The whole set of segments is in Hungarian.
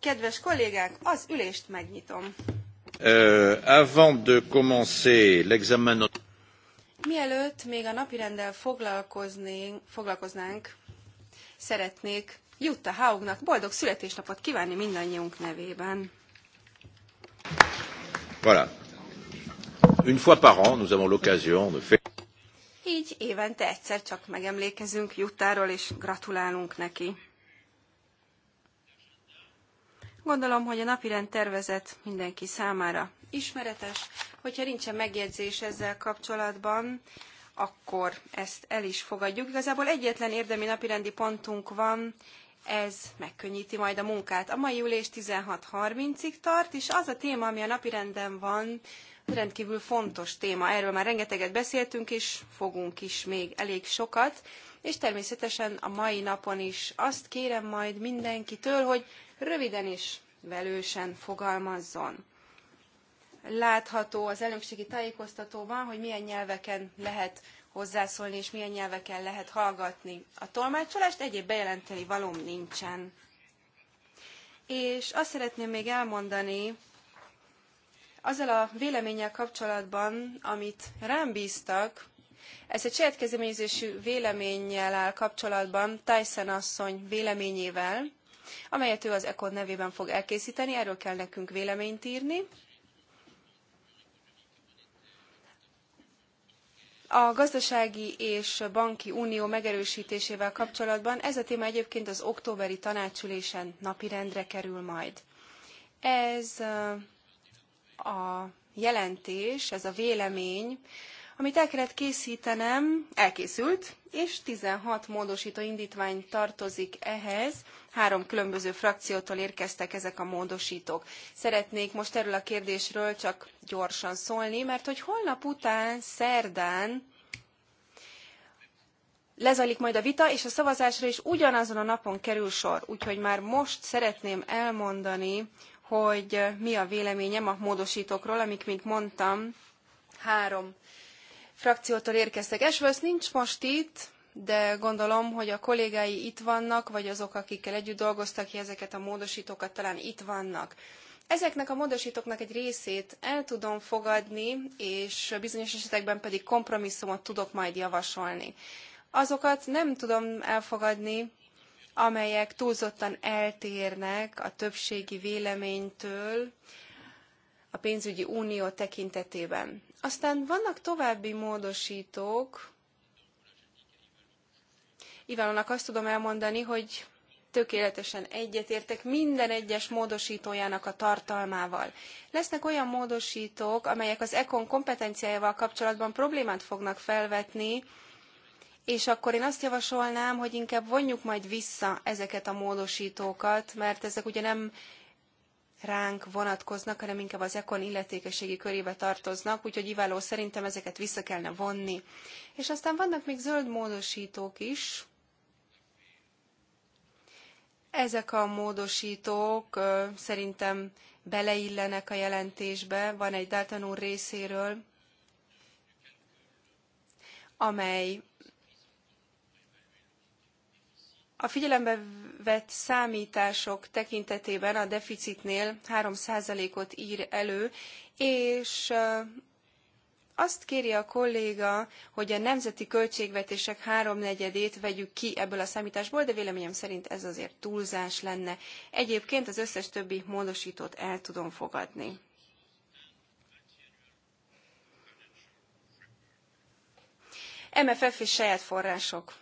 Kedves kollégák, az ülést megnyitom. Euh, avant de commencer l'examen... Mielőtt még a napirenddel foglalkoznánk, szeretnék Jutta Haugnak boldog születésnapot kívánni mindannyiunk nevében. Voilà une fois par an, nous avons l'occasion de faire. Így évente egyszer csak megemlékezünk Juttáról, és gratulálunk neki. Gondolom, hogy a napirend tervezet mindenki számára ismeretes. Hogyha nincsen megjegyzés ezzel kapcsolatban, akkor ezt el is fogadjuk. Igazából egyetlen érdemi napirendi pontunk van, ez megkönnyíti majd a munkát. A mai ülés 16.30-ig tart, és az a téma, ami a napirenden van, rendkívül fontos téma. Erről már rengeteget beszéltünk, és fogunk is még elég sokat. És természetesen a mai napon is azt kérem majd mindenkitől, hogy röviden és velősen fogalmazzon. Látható az elnökségi tájékoztatóban, hogy milyen nyelveken lehet hozzászólni, és milyen nyelveken lehet hallgatni a tolmácsolást, egyéb bejelenteni valóm nincsen. És azt szeretném még elmondani, azzal a véleménnyel kapcsolatban, amit rám bíztak, ez egy saját kezdeményezésű véleménnyel áll kapcsolatban Tyson asszony véleményével, amelyet ő az ECOD nevében fog elkészíteni, erről kell nekünk véleményt írni. A gazdasági és banki unió megerősítésével kapcsolatban ez a téma egyébként az októberi tanácsülésen napirendre kerül majd. Ez a jelentés, ez a vélemény, amit el kellett készítenem, elkészült, és 16 módosító indítvány tartozik ehhez. Három különböző frakciótól érkeztek ezek a módosítók. Szeretnék most erről a kérdésről csak gyorsan szólni, mert hogy holnap után, szerdán, lezajlik majd a vita, és a szavazásra is ugyanazon a napon kerül sor. Úgyhogy már most szeretném elmondani, hogy mi a véleményem a módosítókról, amik, mint mondtam, három frakciótól érkeztek. Ashworth nincs most itt, de gondolom, hogy a kollégái itt vannak, vagy azok, akikkel együtt dolgoztak ki ezeket a módosítókat, talán itt vannak. Ezeknek a módosítóknak egy részét el tudom fogadni, és bizonyos esetekben pedig kompromisszumot tudok majd javasolni. Azokat nem tudom elfogadni, amelyek túlzottan eltérnek a többségi véleménytől a pénzügyi unió tekintetében. Aztán vannak további módosítók. Ivánónak azt tudom elmondani, hogy tökéletesen egyetértek minden egyes módosítójának a tartalmával. Lesznek olyan módosítók, amelyek az ECON kompetenciájával kapcsolatban problémát fognak felvetni, és akkor én azt javasolnám, hogy inkább vonjuk majd vissza ezeket a módosítókat, mert ezek ugye nem ránk vonatkoznak, hanem inkább az ekon illetékességi körébe tartoznak, úgyhogy iváló szerintem ezeket vissza kellene vonni. És aztán vannak még zöld módosítók is. Ezek a módosítók szerintem beleillenek a jelentésbe, van egy Dalton úr részéről, amely A figyelembe vett számítások tekintetében a deficitnél 3%-ot ír elő, és azt kéri a kolléga, hogy a nemzeti költségvetések háromnegyedét vegyük ki ebből a számításból, de véleményem szerint ez azért túlzás lenne. Egyébként az összes többi módosítót el tudom fogadni. MFF és saját források.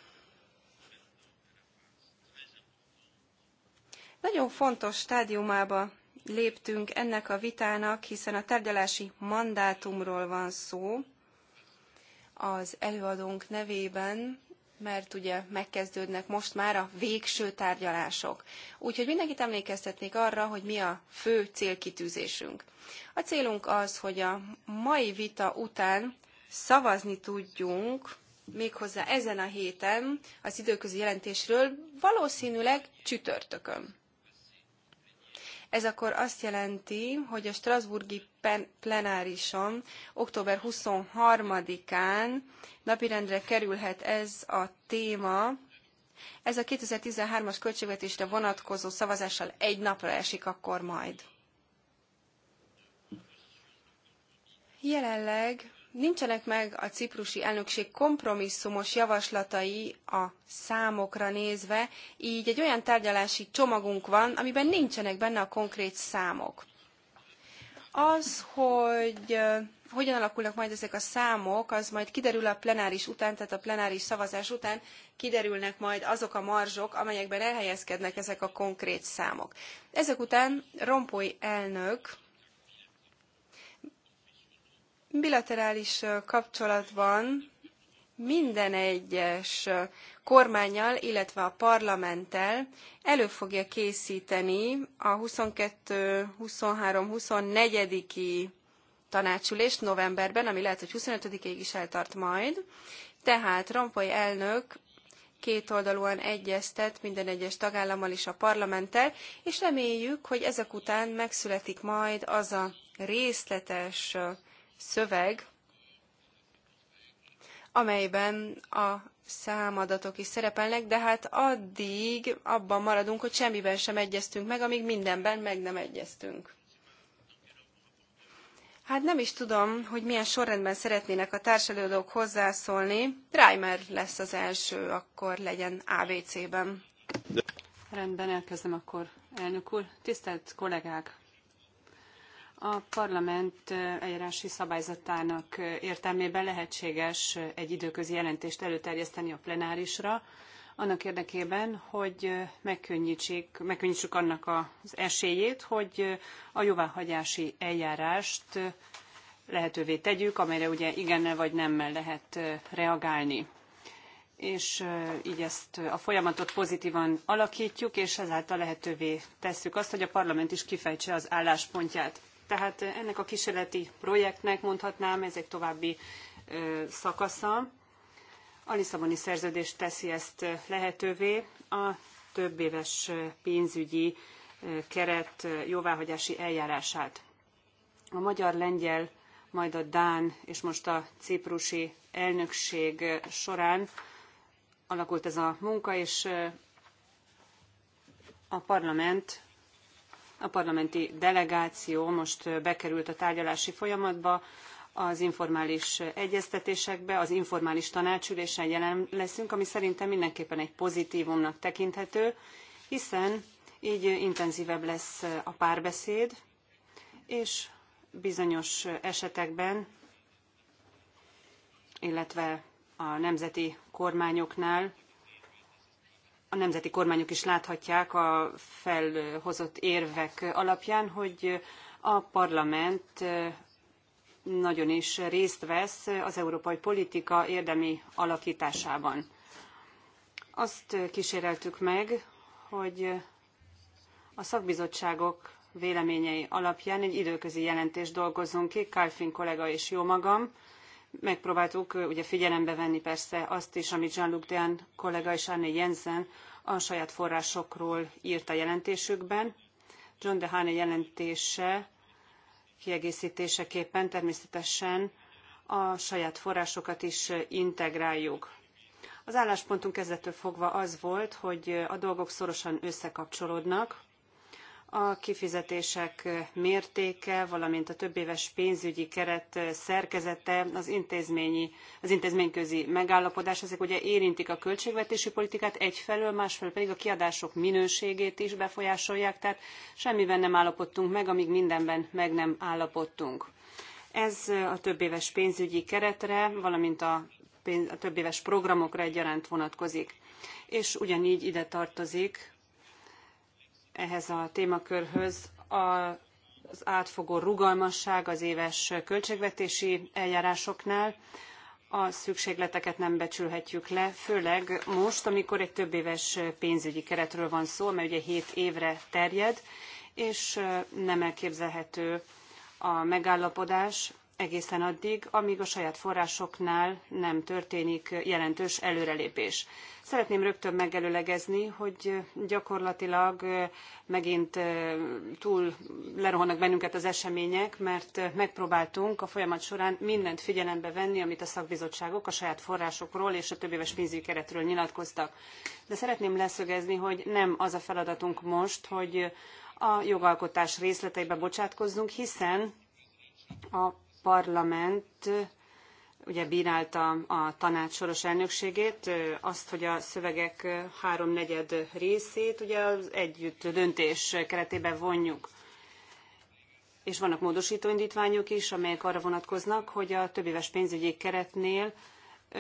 Nagyon fontos stádiumába léptünk ennek a vitának, hiszen a tárgyalási mandátumról van szó az előadónk nevében, mert ugye megkezdődnek most már a végső tárgyalások. Úgyhogy mindenkit emlékeztetnék arra, hogy mi a fő célkitűzésünk. A célunk az, hogy a mai vita után szavazni tudjunk méghozzá ezen a héten az időközi jelentésről, valószínűleg csütörtökön. Ez akkor azt jelenti, hogy a Strasburgi plenárison október 23-án napirendre kerülhet ez a téma. Ez a 2013-as költségvetésre vonatkozó szavazással egy napra esik akkor majd. Jelenleg Nincsenek meg a ciprusi elnökség kompromisszumos javaslatai a számokra nézve, így egy olyan tárgyalási csomagunk van, amiben nincsenek benne a konkrét számok. Az, hogy hogyan alakulnak majd ezek a számok, az majd kiderül a plenáris után, tehát a plenáris szavazás után kiderülnek majd azok a marzsok, amelyekben elhelyezkednek ezek a konkrét számok. Ezek után Rompuy elnök bilaterális kapcsolatban minden egyes kormányjal, illetve a parlamenttel elő fogja készíteni a 22, 23, 24 tanácsülést novemberben, ami lehet, hogy 25-ig is eltart majd. Tehát Rompoy elnök kétoldalúan egyeztet minden egyes tagállammal és a parlamenttel, és reméljük, hogy ezek után megszületik majd az a részletes szöveg, amelyben a számadatok is szerepelnek, de hát addig abban maradunk, hogy semmiben sem egyeztünk meg, amíg mindenben meg nem egyeztünk. Hát nem is tudom, hogy milyen sorrendben szeretnének a társadalók hozzászólni. Reimer lesz az első, akkor legyen ABC-ben. Rendben, elkezdem akkor, elnök úr. Tisztelt kollégák! A parlament eljárási szabályzatának értelmében lehetséges egy időközi jelentést előterjeszteni a plenárisra, annak érdekében, hogy megkönnyítsék, megkönnyítsük annak az esélyét, hogy a jóváhagyási eljárást lehetővé tegyük, amelyre ugye igennel vagy nemmel lehet reagálni. És így ezt a folyamatot pozitívan alakítjuk, és ezáltal lehetővé tesszük azt, hogy a parlament is kifejtse az álláspontját. Tehát ennek a kísérleti projektnek mondhatnám, ez egy további szakasza. A Lisszaboni szerződés teszi ezt lehetővé. A több éves pénzügyi keret jóváhagyási eljárását. A magyar-lengyel, majd a dán és most a ciprusi elnökség során alakult ez a munka, és a parlament a parlamenti delegáció most bekerült a tárgyalási folyamatba, az informális egyeztetésekbe, az informális tanácsülésen jelen leszünk, ami szerintem mindenképpen egy pozitívumnak tekinthető, hiszen így intenzívebb lesz a párbeszéd, és bizonyos esetekben, illetve a nemzeti kormányoknál a nemzeti kormányok is láthatják a felhozott érvek alapján, hogy a parlament nagyon is részt vesz az európai politika érdemi alakításában. Azt kíséreltük meg, hogy a szakbizottságok véleményei alapján egy időközi jelentést dolgozzunk ki, Kálfin kollega és jó magam, Megpróbáltuk ugye figyelembe venni persze azt is, amit Jean-Luc Dean kollega és Arne Jensen a saját forrásokról írt a jelentésükben. John Dehane jelentése kiegészítéseképpen természetesen a saját forrásokat is integráljuk. Az álláspontunk kezdettől fogva az volt, hogy a dolgok szorosan összekapcsolódnak, a kifizetések mértéke, valamint a többéves pénzügyi keret szerkezete, az, intézményi, az intézményközi megállapodás, ezek ugye érintik a költségvetési politikát egyfelől, másfelől pedig a kiadások minőségét is befolyásolják, tehát semmiben nem állapodtunk meg, amíg mindenben meg nem állapodtunk. Ez a többéves pénzügyi keretre, valamint a, pénz, a többéves programokra egyaránt vonatkozik, és ugyanígy ide tartozik ehhez a témakörhöz az átfogó rugalmasság az éves költségvetési eljárásoknál. A szükségleteket nem becsülhetjük le, főleg most, amikor egy többéves pénzügyi keretről van szó, amely ugye 7 évre terjed, és nem elképzelhető a megállapodás, egészen addig, amíg a saját forrásoknál nem történik jelentős előrelépés. Szeretném rögtön megelőlegezni, hogy gyakorlatilag megint túl lerohannak bennünket az események, mert megpróbáltunk a folyamat során mindent figyelembe venni, amit a szakbizottságok a saját forrásokról és a többéves pénzügyi keretről nyilatkoztak. De szeretném leszögezni, hogy nem az a feladatunk most, hogy a jogalkotás részleteibe bocsátkozzunk, hiszen a Parlament ugye bírálta a tanács soros elnökségét, azt, hogy a szövegek háromnegyed részét ugye az együtt döntés keretében vonjuk. És vannak módosító indítványok is, amelyek arra vonatkoznak, hogy a többéves pénzügyi keretnél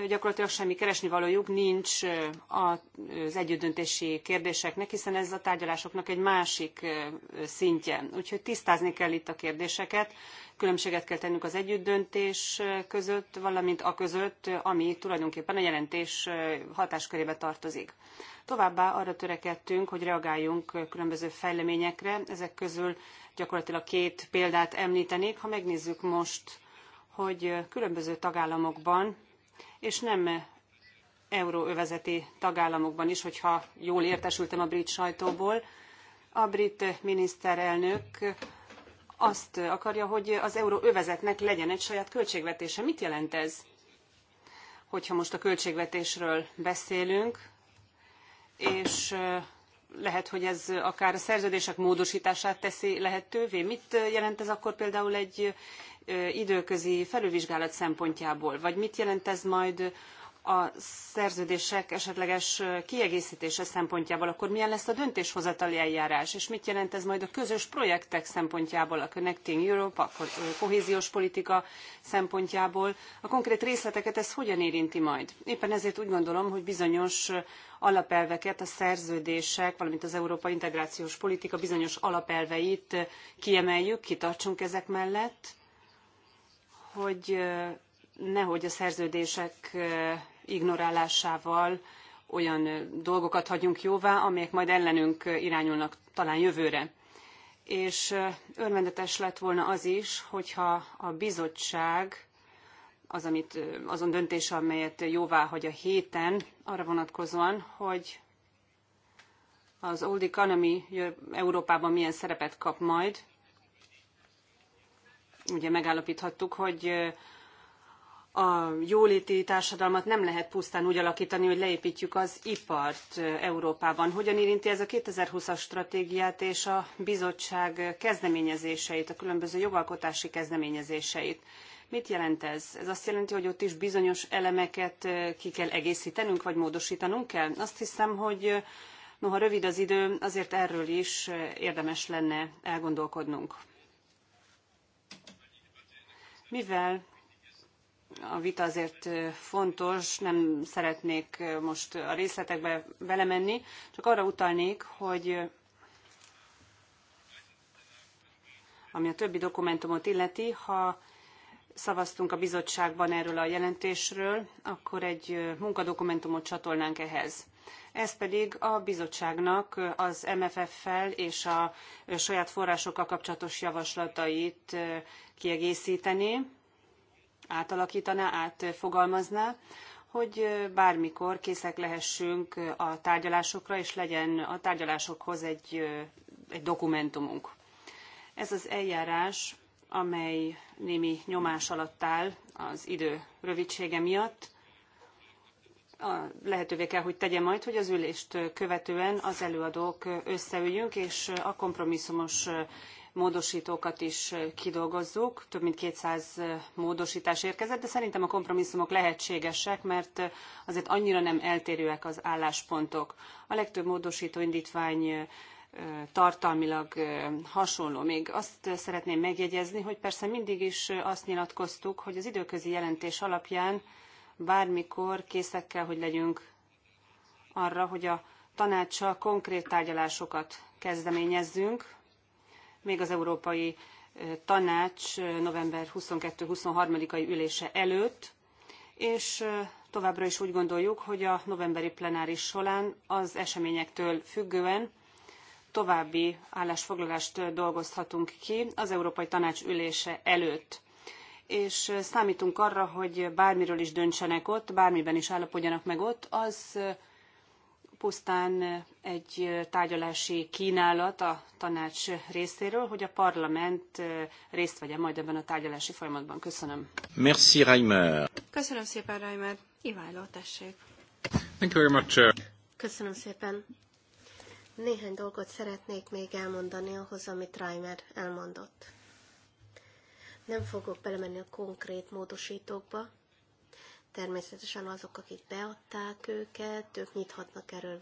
gyakorlatilag semmi keresnivalójuk nincs az együttdöntési kérdéseknek, hiszen ez a tárgyalásoknak egy másik szintje. Úgyhogy tisztázni kell itt a kérdéseket, különbséget kell tennünk az együttdöntés között, valamint a között, ami tulajdonképpen a jelentés hatáskörébe tartozik. Továbbá arra törekedtünk, hogy reagáljunk különböző fejleményekre, ezek közül gyakorlatilag két példát említenék. Ha megnézzük most, hogy különböző tagállamokban és nem euróövezeti tagállamokban is, hogyha jól értesültem a brit sajtóból. A brit miniszterelnök azt akarja, hogy az euróövezetnek legyen egy saját költségvetése. Mit jelent ez? Hogyha most a költségvetésről beszélünk, és lehet, hogy ez akár a szerződések módosítását teszi lehetővé. Mit jelent ez akkor például egy időközi felülvizsgálat szempontjából? Vagy mit jelent ez majd a szerződések esetleges kiegészítése szempontjából, akkor milyen lesz a döntéshozatali eljárás, és mit jelent ez majd a közös projektek szempontjából, a Connecting Europe, a kohéziós politika szempontjából, a konkrét részleteket ez hogyan érinti majd? Éppen ezért úgy gondolom, hogy bizonyos alapelveket, a szerződések, valamint az Európa integrációs politika bizonyos alapelveit kiemeljük, kitartsunk ezek mellett, hogy nehogy a szerződések ignorálásával olyan dolgokat hagyunk jóvá, amelyek majd ellenünk irányulnak talán jövőre. És örvendetes lett volna az is, hogyha a bizottság az, amit, azon döntése, amelyet jóvá hagy a héten, arra vonatkozóan, hogy az Old Economy Európában milyen szerepet kap majd. Ugye megállapíthattuk, hogy a jóléti társadalmat nem lehet pusztán úgy alakítani, hogy leépítjük az ipart Európában. Hogyan érinti ez a 2020-as stratégiát és a bizottság kezdeményezéseit, a különböző jogalkotási kezdeményezéseit? Mit jelent ez? Ez azt jelenti, hogy ott is bizonyos elemeket ki kell egészítenünk, vagy módosítanunk kell? Azt hiszem, hogy noha rövid az idő, azért erről is érdemes lenne elgondolkodnunk. Mivel a vita azért fontos, nem szeretnék most a részletekbe belemenni, csak arra utalnék, hogy ami a többi dokumentumot illeti, ha szavaztunk a bizottságban erről a jelentésről, akkor egy munkadokumentumot csatolnánk ehhez. Ez pedig a bizottságnak az MFF-fel és a saját forrásokkal kapcsolatos javaslatait kiegészíteni, átalakítaná, átfogalmazná, hogy bármikor készek lehessünk a tárgyalásokra, és legyen a tárgyalásokhoz egy, egy dokumentumunk. Ez az eljárás, amely némi nyomás alatt áll az idő rövidsége miatt, lehetővé kell, hogy tegye majd, hogy az ülést követően az előadók összeüljünk, és a kompromisszumos módosítókat is kidolgozzuk. Több mint 200 módosítás érkezett, de szerintem a kompromisszumok lehetségesek, mert azért annyira nem eltérőek az álláspontok. A legtöbb módosító indítvány tartalmilag hasonló. Még azt szeretném megjegyezni, hogy persze mindig is azt nyilatkoztuk, hogy az időközi jelentés alapján bármikor készek kell, hogy legyünk arra, hogy a tanácssal konkrét tárgyalásokat kezdeményezzünk, még az Európai Tanács november 22-23-ai ülése előtt, és továbbra is úgy gondoljuk, hogy a novemberi plenáris során az eseményektől függően további állásfoglalást dolgozhatunk ki az Európai Tanács ülése előtt és számítunk arra, hogy bármiről is döntsenek ott, bármiben is állapodjanak meg ott, az pusztán egy tárgyalási kínálat a tanács részéről, hogy a parlament részt vegyen majd ebben a tárgyalási folyamatban. Köszönöm. Merci, Reimer. Köszönöm szépen, Reimer. Iváló, tessék. Thank you very much. Köszönöm szépen. Néhány dolgot szeretnék még elmondani ahhoz, amit Reimer elmondott. Nem fogok belemenni a konkrét módosítókba, Természetesen azok, akik beadták őket, ők nyithatnak erről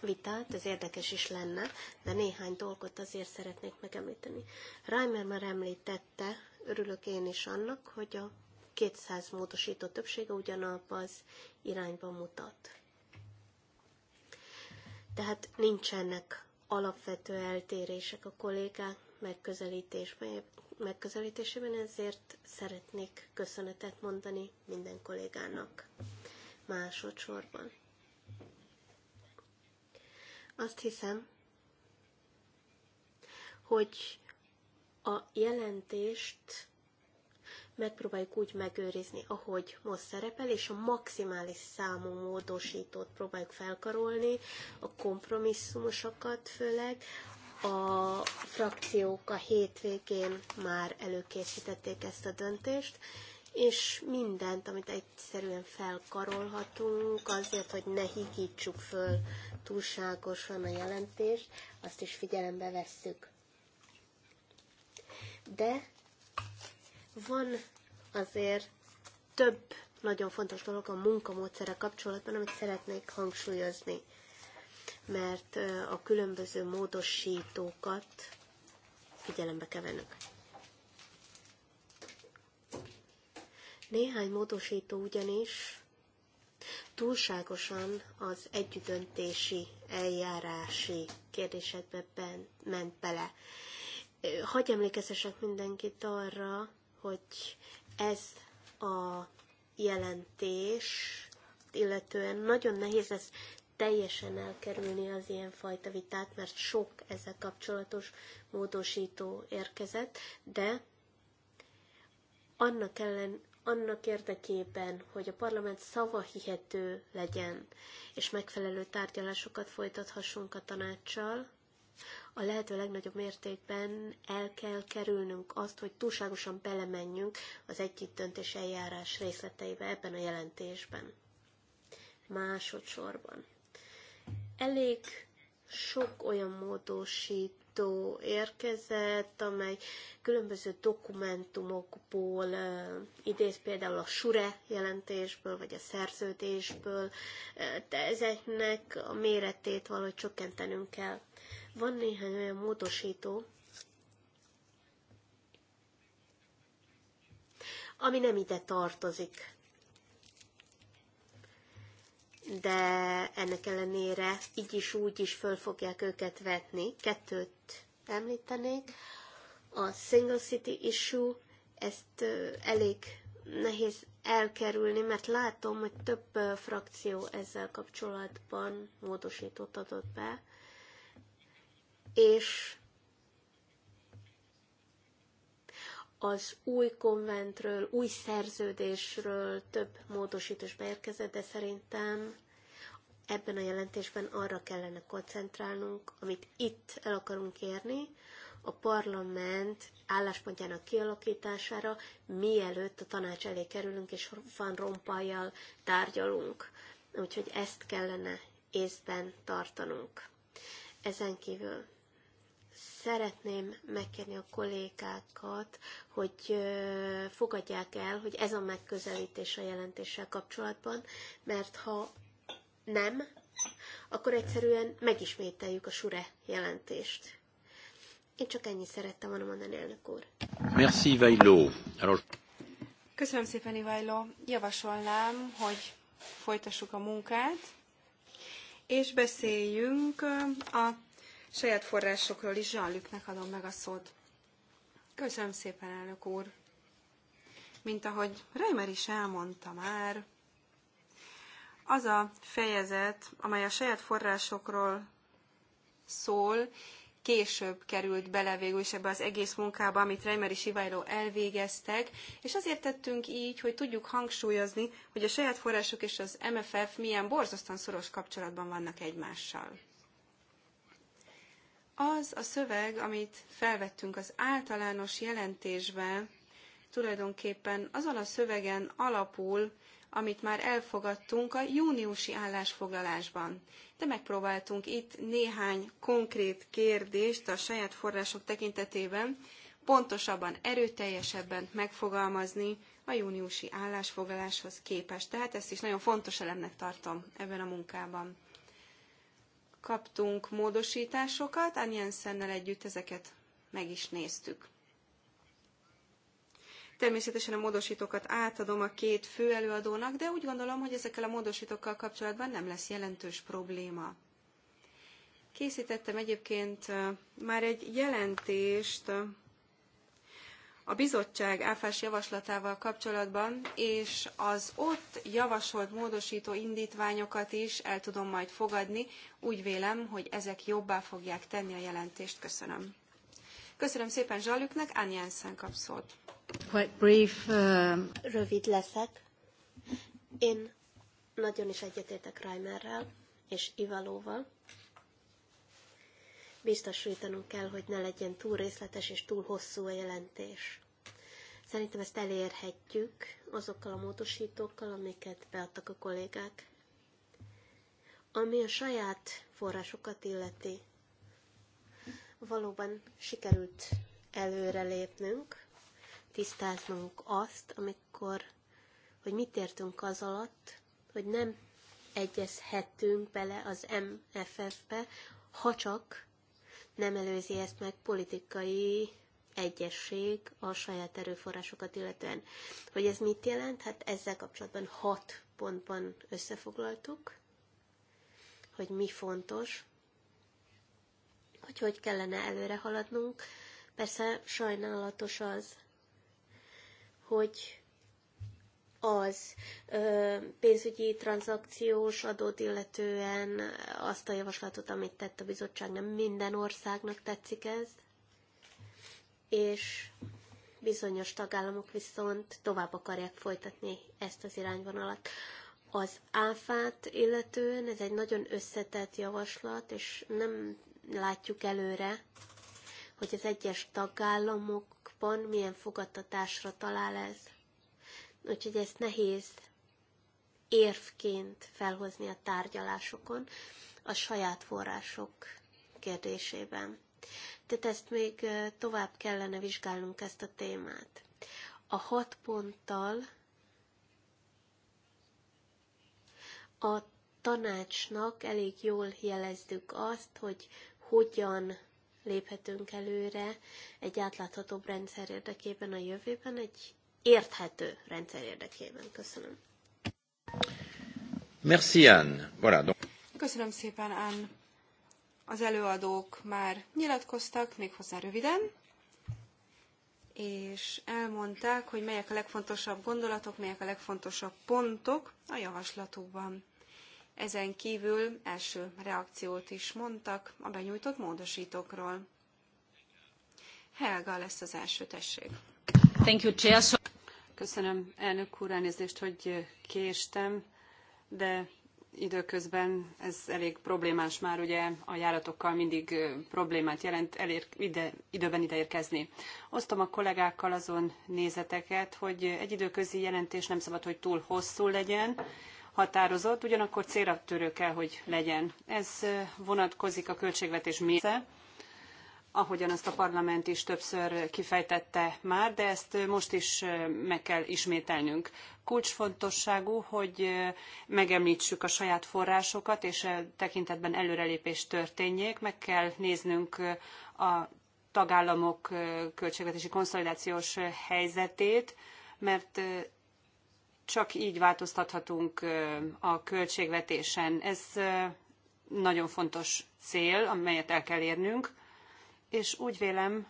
vitát, ez érdekes is lenne, de néhány dolgot azért szeretnék megemlíteni. Reimer már említette, örülök én is annak, hogy a 200 módosító többsége ugyanabban az irányba mutat. Tehát nincsenek alapvető eltérések a kollégák megközelítés, megközelítésében, ezért szeretnék köszönetet mondani minden kollégának másodszorban. Azt hiszem, hogy a jelentést megpróbáljuk úgy megőrizni, ahogy most szerepel, és a maximális számú módosítót próbáljuk felkarolni, a kompromisszumosakat főleg, a frakciók a hétvégén már előkészítették ezt a döntést, és mindent, amit egyszerűen felkarolhatunk, azért, hogy ne higítsuk föl túlságosan a jelentést, azt is figyelembe vesszük. De van azért több nagyon fontos dolog a munkamódszere kapcsolatban, amit szeretnék hangsúlyozni mert a különböző módosítókat figyelembe kell vennünk. Néhány módosító ugyanis túlságosan az együttöntési eljárási kérdésekbe ben, ment bele. Hagy emlékeztesek mindenkit arra, hogy ez a jelentés, illetően nagyon nehéz lesz teljesen elkerülni az ilyen fajta vitát, mert sok ezzel kapcsolatos módosító érkezett, de annak ellen, annak érdekében, hogy a parlament szava hihető legyen, és megfelelő tárgyalásokat folytathassunk a tanácssal, a lehető legnagyobb mértékben el kell kerülnünk azt, hogy túlságosan belemenjünk az együttdöntés eljárás részleteibe ebben a jelentésben. Másodszorban. Elég sok olyan módosító érkezett, amely különböző dokumentumokból idéz, például a SURE jelentésből, vagy a szerződésből, de ezeknek a méretét valahogy csökkentenünk kell. Van néhány olyan módosító, ami nem ide tartozik de ennek ellenére így is úgy is föl fogják őket vetni. Kettőt említenék. A single city issue, ezt elég nehéz elkerülni, mert látom, hogy több frakció ezzel kapcsolatban módosított adott be, és az új konventről, új szerződésről több módosítás beérkezett, de szerintem ebben a jelentésben arra kellene koncentrálnunk, amit itt el akarunk érni, a parlament álláspontjának kialakítására, mielőtt a tanács elé kerülünk és Van Rompajjal tárgyalunk. Úgyhogy ezt kellene észben tartanunk. Ezen kívül Szeretném megkérni a kollégákat, hogy fogadják el, hogy ez a megközelítés a jelentéssel kapcsolatban, mert ha nem, akkor egyszerűen megismételjük a SURE jelentést. Én csak ennyit szerettem volna mondani, elnök úr. Merci, Ivailo. Köszönöm szépen, Ivailo. Javasolnám, hogy folytassuk a munkát, és beszéljünk a saját forrásokról is Zsallüknek adom meg a szót. Köszönöm szépen, elnök úr! Mint ahogy Reimer is elmondta már, az a fejezet, amely a saját forrásokról szól, később került bele végül is ebbe az egész munkába, amit Reimer és Iváló elvégeztek, és azért tettünk így, hogy tudjuk hangsúlyozni, hogy a saját források és az MFF milyen borzasztóan szoros kapcsolatban vannak egymással. Az a szöveg, amit felvettünk az általános jelentésbe, tulajdonképpen azon a szövegen alapul, amit már elfogadtunk a júniusi állásfoglalásban. De megpróbáltunk itt néhány konkrét kérdést a saját források tekintetében pontosabban, erőteljesebben megfogalmazni a júniusi állásfoglaláshoz képest. Tehát ezt is nagyon fontos elemnek tartom ebben a munkában. Kaptunk módosításokat, Anjenszennel együtt ezeket meg is néztük. Természetesen a módosítókat átadom a két fő előadónak, de úgy gondolom, hogy ezekkel a módosítókkal kapcsolatban nem lesz jelentős probléma. Készítettem egyébként már egy jelentést a bizottság áfás javaslatával kapcsolatban, és az ott javasolt módosító indítványokat is el tudom majd fogadni. Úgy vélem, hogy ezek jobbá fogják tenni a jelentést. Köszönöm. Köszönöm szépen Zsalüknek, Ann Jensen kap szót. Quite brief, uh... Rövid leszek. Én nagyon is egyetértek Reimerrel és Ivalóval biztosítanunk kell, hogy ne legyen túl részletes és túl hosszú a jelentés. Szerintem ezt elérhetjük azokkal a módosítókkal, amiket beadtak a kollégák. Ami a saját forrásokat illeti, valóban sikerült előrelépnünk, tisztáznunk azt, amikor, hogy mit értünk az alatt, hogy nem egyezhetünk bele az MFF-be, ha csak nem előzi ezt meg politikai egyesség a saját erőforrásokat illetően. Hogy ez mit jelent? Hát ezzel kapcsolatban hat pontban összefoglaltuk, hogy mi fontos, hogy hogy kellene előre haladnunk. Persze sajnálatos az, hogy az ö, pénzügyi tranzakciós adót illetően azt a javaslatot, amit tett a bizottság, nem minden országnak tetszik ez, és bizonyos tagállamok viszont tovább akarják folytatni ezt az irányvonalat. Az áfát illetően ez egy nagyon összetett javaslat, és nem látjuk előre, hogy az egyes tagállamokban milyen fogadtatásra talál ez. Úgyhogy ezt nehéz érvként felhozni a tárgyalásokon a saját források kérdésében. Tehát ezt még tovább kellene vizsgálnunk ezt a témát. A hat ponttal a tanácsnak elég jól jeleztük azt, hogy hogyan léphetünk előre egy átláthatóbb rendszer érdekében a jövőben, egy érthető rendszer érdekében. Köszönöm. Merci, Anne. Voilà, donc... Köszönöm szépen, Anne. Az előadók már nyilatkoztak, méghozzá röviden, és elmondták, hogy melyek a legfontosabb gondolatok, melyek a legfontosabb pontok a javaslatukban. Ezen kívül első reakciót is mondtak a benyújtott módosítókról. Helga lesz az első, tessék. Thank you, Chair. Köszönöm, elnök úr, elnézést, hogy késtem, de időközben ez elég problémás már, ugye a járatokkal mindig problémát jelent elér, ide, időben ideérkezni. Osztom a kollégákkal azon nézeteket, hogy egy időközi jelentés nem szabad, hogy túl hosszú legyen, határozott, ugyanakkor célra törő kell, hogy legyen. Ez vonatkozik a költségvetés mérce ahogyan azt a parlament is többször kifejtette már, de ezt most is meg kell ismételnünk. Kulcsfontosságú, hogy megemlítsük a saját forrásokat, és e tekintetben előrelépés történjék. Meg kell néznünk a tagállamok költségvetési konszolidációs helyzetét, mert csak így változtathatunk a költségvetésen. Ez nagyon fontos cél, amelyet el kell érnünk és úgy vélem,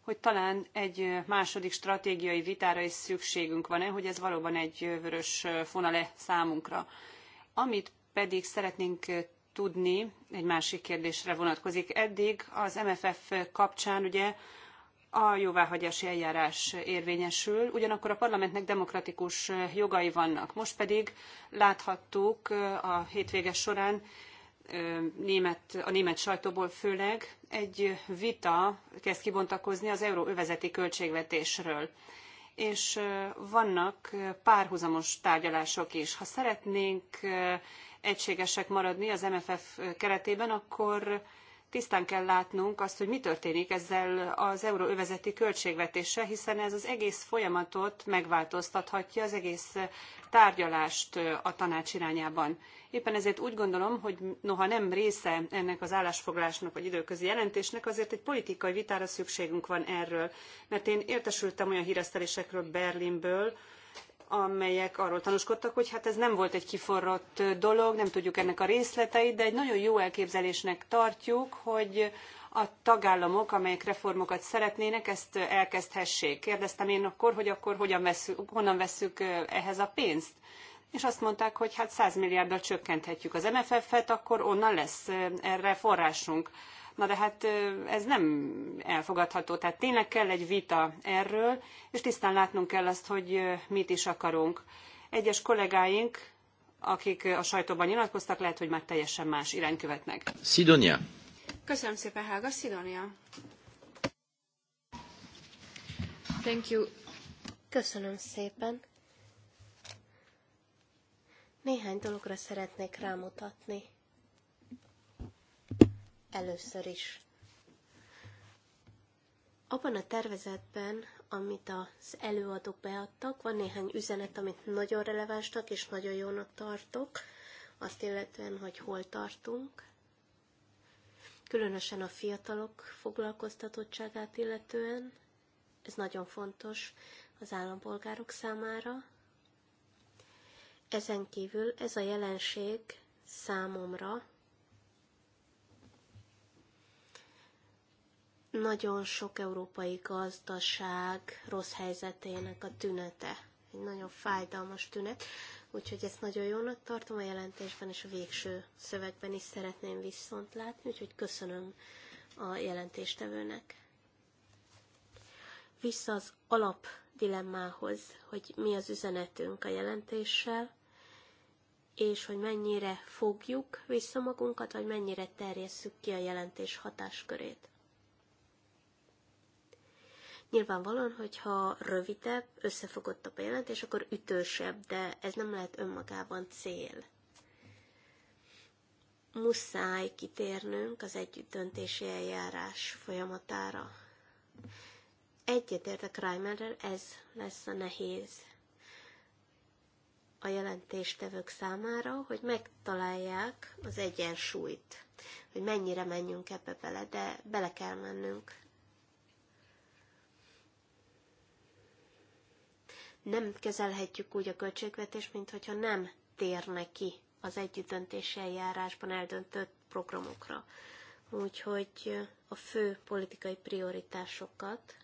hogy talán egy második stratégiai vitára is szükségünk van-e, hogy ez valóban egy vörös fonale számunkra. Amit pedig szeretnénk tudni, egy másik kérdésre vonatkozik. Eddig az MFF kapcsán ugye a jóváhagyási eljárás érvényesül, ugyanakkor a parlamentnek demokratikus jogai vannak. Most pedig láthattuk a hétvége során, német, a német sajtóból főleg egy vita kezd kibontakozni az euróövezeti költségvetésről. És vannak párhuzamos tárgyalások is. Ha szeretnénk egységesek maradni az MFF keretében, akkor tisztán kell látnunk azt, hogy mi történik ezzel az euróövezeti költségvetéssel, hiszen ez az egész folyamatot megváltoztathatja, az egész tárgyalást a tanács irányában. Éppen ezért úgy gondolom, hogy noha nem része ennek az állásfoglalásnak vagy időközi jelentésnek, azért egy politikai vitára szükségünk van erről. Mert én értesültem olyan híresztelésekről Berlinből, amelyek arról tanúskodtak, hogy hát ez nem volt egy kiforrott dolog, nem tudjuk ennek a részleteit, de egy nagyon jó elképzelésnek tartjuk, hogy a tagállamok, amelyek reformokat szeretnének, ezt elkezdhessék. Kérdeztem én akkor, hogy akkor hogyan veszük, honnan vesszük ehhez a pénzt. És azt mondták, hogy hát 100 milliárddal csökkenthetjük az MFF-et, akkor onnan lesz erre forrásunk. Na de hát ez nem elfogadható, tehát tényleg kell egy vita erről, és tisztán látnunk kell azt, hogy mit is akarunk. Egyes kollégáink, akik a sajtóban nyilatkoztak, lehet, hogy már teljesen más irány követnek. Sidonia. Köszönöm szépen, Helga. Sidonia. Thank you. Köszönöm szépen. Néhány dologra szeretnék rámutatni először is. Abban a tervezetben, amit az előadók beadtak, van néhány üzenet, amit nagyon relevánsnak és nagyon jónak tartok, azt illetően, hogy hol tartunk, különösen a fiatalok foglalkoztatottságát illetően, ez nagyon fontos az állampolgárok számára. Ezen kívül ez a jelenség számomra nagyon sok európai gazdaság rossz helyzetének a tünete. Egy nagyon fájdalmas tünet, úgyhogy ezt nagyon jónak tartom a jelentésben, és a végső szövegben is szeretném viszont látni, úgyhogy köszönöm a jelentéstevőnek. Vissza az alap dilemmához, hogy mi az üzenetünk a jelentéssel, és hogy mennyire fogjuk vissza magunkat, vagy mennyire terjesszük ki a jelentés hatáskörét. Nyilvánvalóan, hogyha rövidebb, összefogottabb a jelentés, akkor ütősebb, de ez nem lehet önmagában cél. Muszáj kitérnünk az együttdöntési eljárás folyamatára. Egyetértek Reimerrel, ez lesz a nehéz a jelentéstevők számára, hogy megtalálják az egyensúlyt, hogy mennyire menjünk ebbe bele, de bele kell mennünk. nem kezelhetjük úgy a költségvetést, mint hogyha nem térne ki az együttdöntési eljárásban eldöntött programokra. Úgyhogy a fő politikai prioritásokat,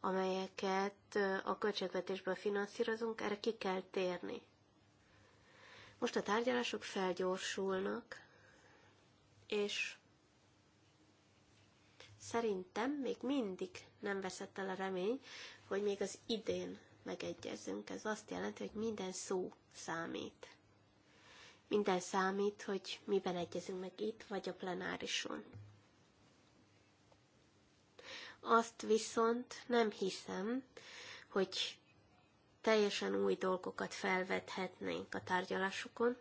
amelyeket a költségvetésből finanszírozunk, erre ki kell térni. Most a tárgyalások felgyorsulnak, és szerintem még mindig nem veszett el a remény, hogy még az idén megegyezünk. Ez azt jelenti, hogy minden szó számít. Minden számít, hogy miben egyezünk meg itt, vagy a plenárison. Azt viszont nem hiszem, hogy teljesen új dolgokat felvethetnénk a tárgyalásokon,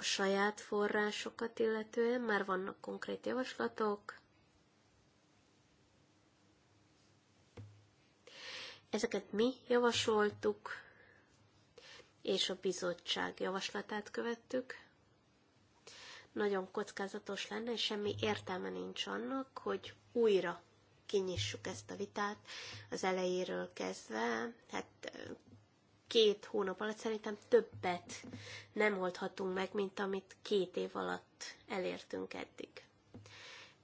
A saját forrásokat illetően már vannak konkrét javaslatok. Ezeket mi javasoltuk, és a bizottság javaslatát követtük. Nagyon kockázatos lenne, és semmi értelme nincs annak, hogy újra kinyissuk ezt a vitát az elejéről kezdve. Hát két hónap alatt szerintem többet nem oldhatunk meg, mint amit két év alatt elértünk eddig.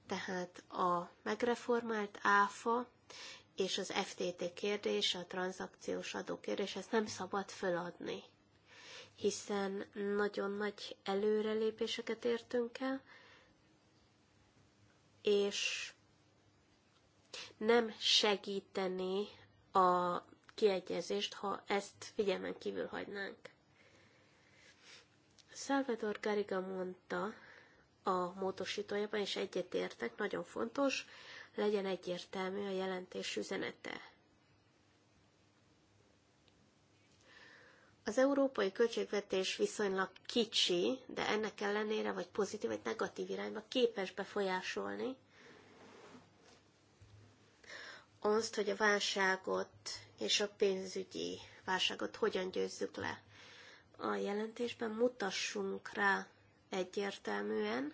Tehát a megreformált áfa és az FTT kérdés, a tranzakciós adó kérdés, ezt nem szabad föladni, hiszen nagyon nagy előrelépéseket értünk el, és nem segíteni a kiegyezést, ha ezt figyelmen kívül hagynánk. Salvador Gariga mondta a módosítójában, és egyetértek, nagyon fontos, legyen egyértelmű a jelentés üzenete. Az európai költségvetés viszonylag kicsi, de ennek ellenére vagy pozitív, vagy negatív irányba képes befolyásolni azt, hogy a válságot és a pénzügyi válságot hogyan győzzük le. A jelentésben mutassunk rá egyértelműen,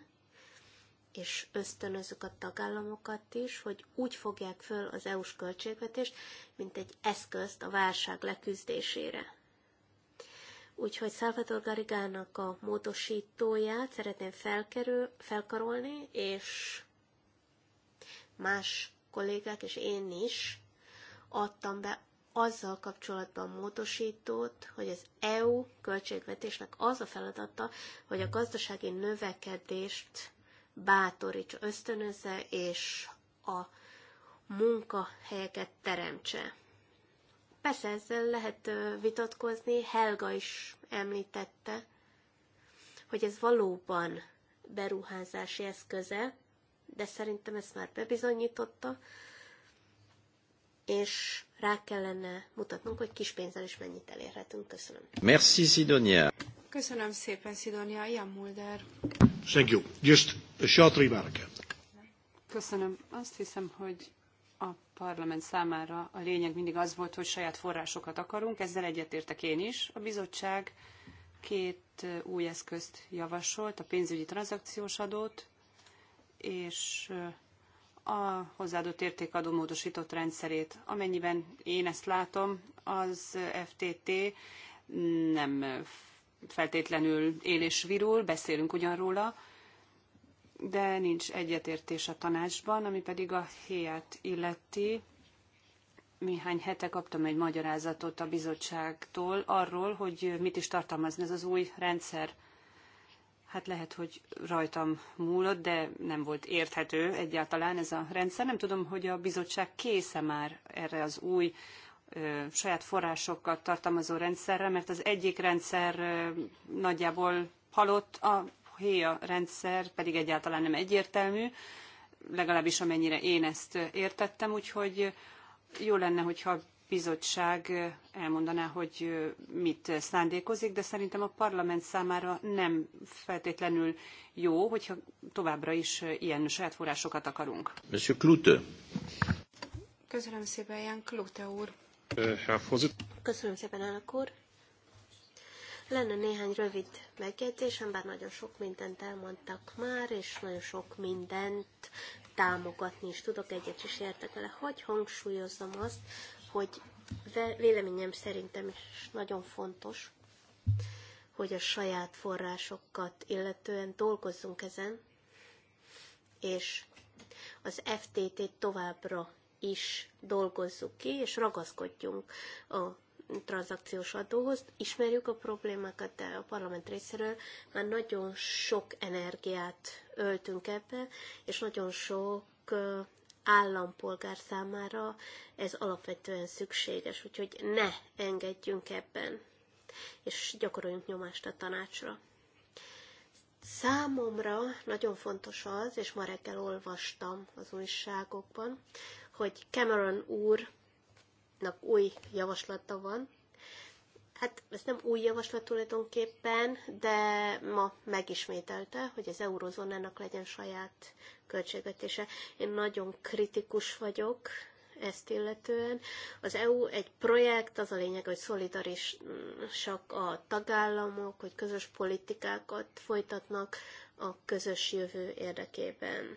és ösztönözzük a tagállamokat is, hogy úgy fogják föl az EU-s költségvetést, mint egy eszközt a válság leküzdésére. Úgyhogy Salvador Garigának a módosítóját szeretném felkerül, felkarolni, és más kollégák és én is adtam be azzal kapcsolatban módosított, hogy az EU költségvetésnek az a feladata, hogy a gazdasági növekedést bátorítsa, ösztönözze, és a munkahelyeket teremtse. Persze ezzel lehet vitatkozni, Helga is említette, hogy ez valóban beruházási eszköze, de szerintem ezt már bebizonyította, és rá kellene mutatnunk, hogy kis pénzzel is mennyit elérhetünk. Köszönöm. Merci, Sidonia. Köszönöm szépen, Sidonia. Ian Mulder. Thank you. Just a short remark. Köszönöm. Azt hiszem, hogy a parlament számára a lényeg mindig az volt, hogy saját forrásokat akarunk. Ezzel egyetértek én is. A bizottság két uh, új eszközt javasolt, a pénzügyi tranzakciós adót és uh, a hozzáadott értékadó módosított rendszerét. Amennyiben én ezt látom, az FTT nem feltétlenül él és virul, beszélünk ugyanróla, de nincs egyetértés a tanácsban, ami pedig a héját illeti. Néhány hete kaptam egy magyarázatot a bizottságtól arról, hogy mit is tartalmazna ez az új rendszer hát lehet, hogy rajtam múlott, de nem volt érthető egyáltalán ez a rendszer. Nem tudom, hogy a bizottság késze már erre az új ö, saját forrásokat tartalmazó rendszerre, mert az egyik rendszer ö, nagyjából halott, a héja rendszer pedig egyáltalán nem egyértelmű, legalábbis amennyire én ezt értettem, úgyhogy jó lenne, hogyha bizottság elmondaná, hogy mit szándékozik, de szerintem a parlament számára nem feltétlenül jó, hogyha továbbra is ilyen saját forrásokat akarunk. Monsieur Klute. Köszönöm szépen, Jan Klute úr. Köszönöm szépen, elnök úr. Lenne néhány rövid megjegyzésem, bár nagyon sok mindent elmondtak már, és nagyon sok mindent támogatni is tudok, egyet is értek vele. Hogy a, azt, hogy véleményem szerintem is nagyon fontos, hogy a saját forrásokat illetően dolgozzunk ezen, és az FTT-t továbbra is dolgozzuk ki, és ragaszkodjunk a tranzakciós adóhoz. Ismerjük a problémákat, de a parlament részéről már nagyon sok energiát öltünk ebbe, és nagyon sok állampolgár számára ez alapvetően szükséges, úgyhogy ne engedjünk ebben, és gyakoroljunk nyomást a tanácsra. Számomra nagyon fontos az, és ma reggel olvastam az újságokban, hogy Cameron úrnak új javaslata van, Hát ez nem új javaslat tulajdonképpen, de ma megismételte, hogy az eurozónának legyen saját költségvetése. Én nagyon kritikus vagyok ezt illetően. Az EU egy projekt, az a lényeg, hogy szolidarisak a tagállamok, hogy közös politikákat folytatnak a közös jövő érdekében.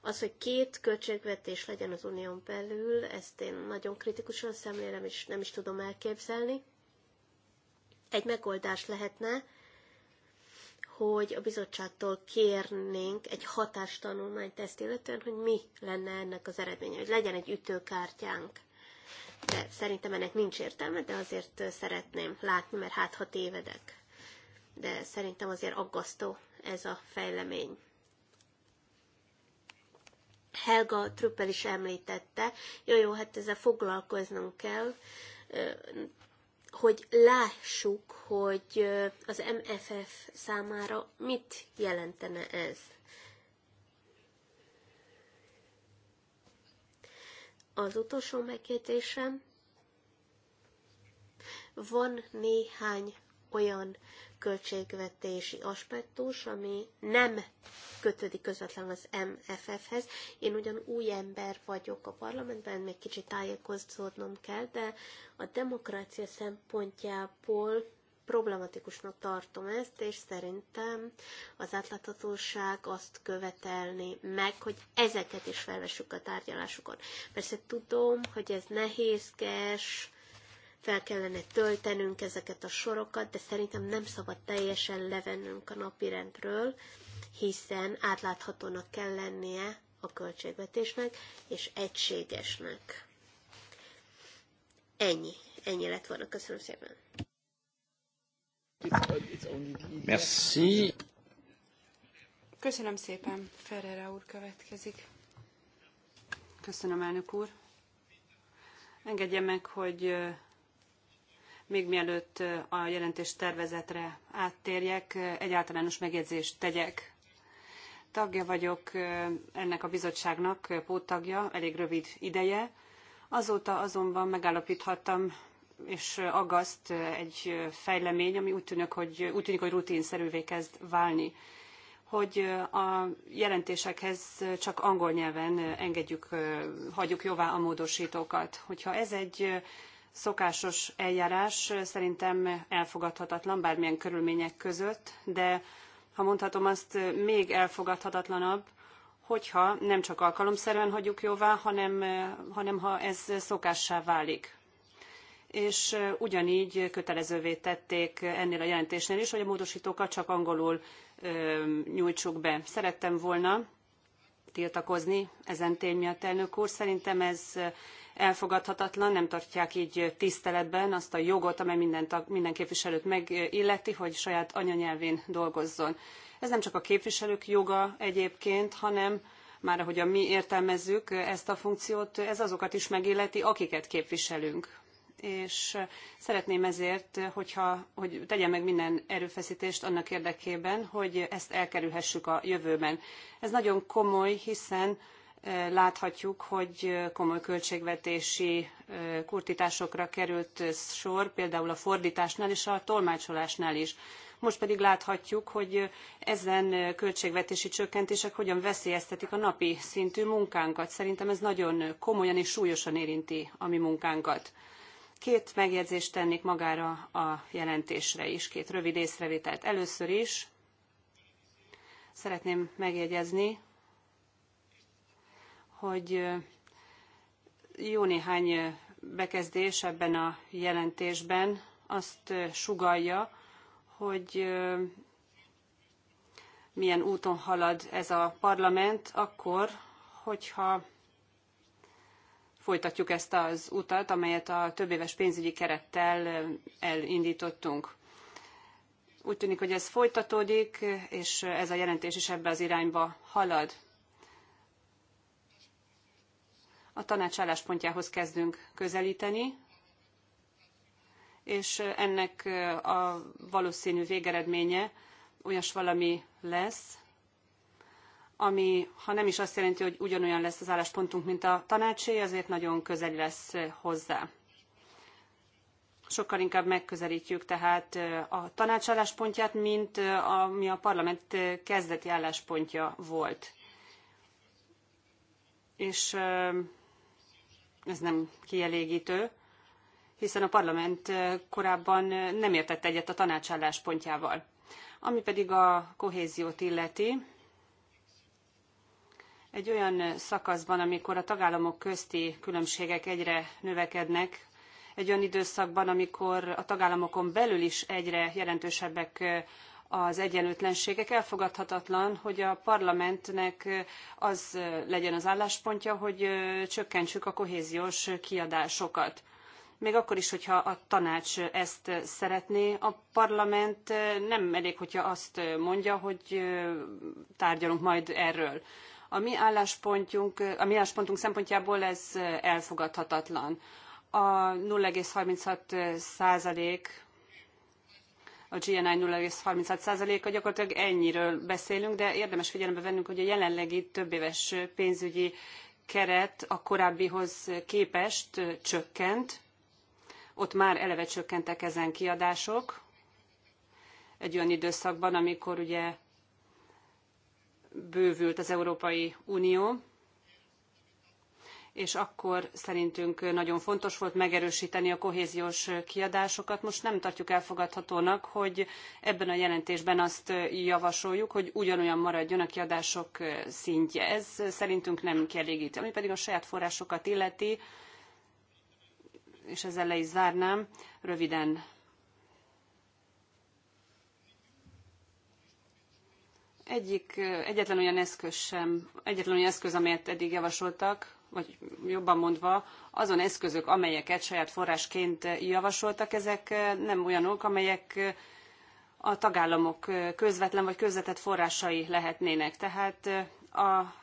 Az, hogy két költségvetés legyen az unión belül, ezt én nagyon kritikusan szemlélem, és nem is tudom elképzelni. Egy megoldás lehetne, hogy a bizottságtól kérnénk egy hatástanulmányt ezt illetően, hogy mi lenne ennek az eredménye, hogy legyen egy ütőkártyánk. De szerintem ennek nincs értelme, de azért szeretném látni, mert hát ha tévedek. De szerintem azért aggasztó ez a fejlemény. Helga Trüppel is említette, jó, jó, hát ezzel foglalkoznunk kell, hogy lássuk, hogy az MFF számára mit jelentene ez. Az utolsó megjegyzésem, van néhány olyan költségvetési aspektus, ami nem kötődik közvetlenül az MFF-hez. Én ugyan új ember vagyok a parlamentben, még kicsit tájékozódnom kell, de a demokrácia szempontjából problematikusnak tartom ezt, és szerintem az átláthatóság azt követelni meg, hogy ezeket is felvessük a tárgyalásokon. Persze tudom, hogy ez nehézkes, fel kellene töltenünk ezeket a sorokat, de szerintem nem szabad teljesen levennünk a napirendről, hiszen átláthatónak kell lennie a költségvetésnek, és egységesnek. Ennyi. Ennyi lett volna. Köszönöm szépen. Merci. Köszönöm szépen. Ferrera úr következik. Köszönöm, elnök úr. Engedje meg, hogy még mielőtt a jelentés tervezetre áttérjek, egy általános megjegyzést tegyek. Tagja vagyok ennek a bizottságnak, póttagja, elég rövid ideje. Azóta azonban megállapíthattam, és aggaszt egy fejlemény, ami úgy tűnik, hogy, úgy tűnik, hogy rutinszerűvé kezd válni hogy a jelentésekhez csak angol nyelven engedjük, hagyjuk jóvá a módosítókat. Hogyha ez egy szokásos eljárás szerintem elfogadhatatlan bármilyen körülmények között, de ha mondhatom azt, még elfogadhatatlanabb, hogyha nem csak alkalomszerűen hagyjuk jóvá, hanem, hanem ha ez szokássá válik. És ugyanígy kötelezővé tették ennél a jelentésnél is, hogy a módosítókat csak angolul ö, nyújtsuk be. Szerettem volna tiltakozni ezen tény miatt, elnök úr. Szerintem ez elfogadhatatlan, nem tartják így tiszteletben azt a jogot, amely minden, minden képviselőt megilleti, hogy saját anyanyelvén dolgozzon. Ez nem csak a képviselők joga egyébként, hanem már ahogyan mi értelmezzük ezt a funkciót, ez azokat is megilleti, akiket képviselünk és szeretném ezért, hogyha, hogy tegyen meg minden erőfeszítést annak érdekében, hogy ezt elkerülhessük a jövőben. Ez nagyon komoly, hiszen láthatjuk, hogy komoly költségvetési kurtításokra került sor, például a fordításnál és a tolmácsolásnál is. Most pedig láthatjuk, hogy ezen költségvetési csökkentések hogyan veszélyeztetik a napi szintű munkánkat. Szerintem ez nagyon komolyan és súlyosan érinti a mi munkánkat. Két megjegyzést tennék magára a jelentésre is, két rövid észrevételt. Először is szeretném megjegyezni, hogy jó néhány bekezdés ebben a jelentésben azt sugalja, hogy milyen úton halad ez a parlament akkor, hogyha folytatjuk ezt az utat, amelyet a éves pénzügyi kerettel elindítottunk. Úgy tűnik, hogy ez folytatódik, és ez a jelentés is ebbe az irányba halad. a tanács álláspontjához kezdünk közelíteni, és ennek a valószínű végeredménye olyas valami lesz, ami, ha nem is azt jelenti, hogy ugyanolyan lesz az álláspontunk, mint a tanácsé, azért nagyon közeli lesz hozzá. Sokkal inkább megközelítjük tehát a tanács álláspontját, mint ami a parlament kezdeti álláspontja volt. És ez nem kielégítő, hiszen a parlament eh, korábban eh, nem értett egyet a tanács álláspontjával. Ami pedig a kohéziót illeti, egy olyan szakaszban, amikor a tagállamok közti különbségek egyre növekednek, egy olyan időszakban, amikor a tagállamokon belül is egyre jelentősebbek eh, az egyenlőtlenségek. Elfogadhatatlan, hogy a parlamentnek az legyen az álláspontja, hogy csökkentsük a kohéziós kiadásokat. Még akkor is, hogyha a tanács ezt szeretné, a parlament nem elég, hogyha azt mondja, hogy tárgyalunk majd erről. A mi álláspontunk, a mi álláspontunk szempontjából ez elfogadhatatlan. A 0,36 százalék a GNI 0,36%-a, gyakorlatilag ennyiről beszélünk, de érdemes figyelembe vennünk, hogy a jelenlegi többéves pénzügyi keret a korábbihoz képest csökkent, ott már eleve csökkentek ezen kiadások, egy olyan időszakban, amikor ugye bővült az Európai Unió, és akkor szerintünk nagyon fontos volt megerősíteni a kohéziós kiadásokat. Most nem tartjuk elfogadhatónak, hogy ebben a jelentésben azt javasoljuk, hogy ugyanolyan maradjon a kiadások szintje. Ez szerintünk nem kielégítő. Ami pedig a saját forrásokat illeti, és ezzel le is zárnám, röviden egyik, egyetlen olyan eszköz sem, egyetlen olyan eszköz, amelyet eddig javasoltak, vagy jobban mondva, azon eszközök, amelyeket saját forrásként javasoltak, ezek eh, nem olyanok, amelyek eh, a tagállamok eh, közvetlen vagy közvetett forrásai lehetnének. Tehát a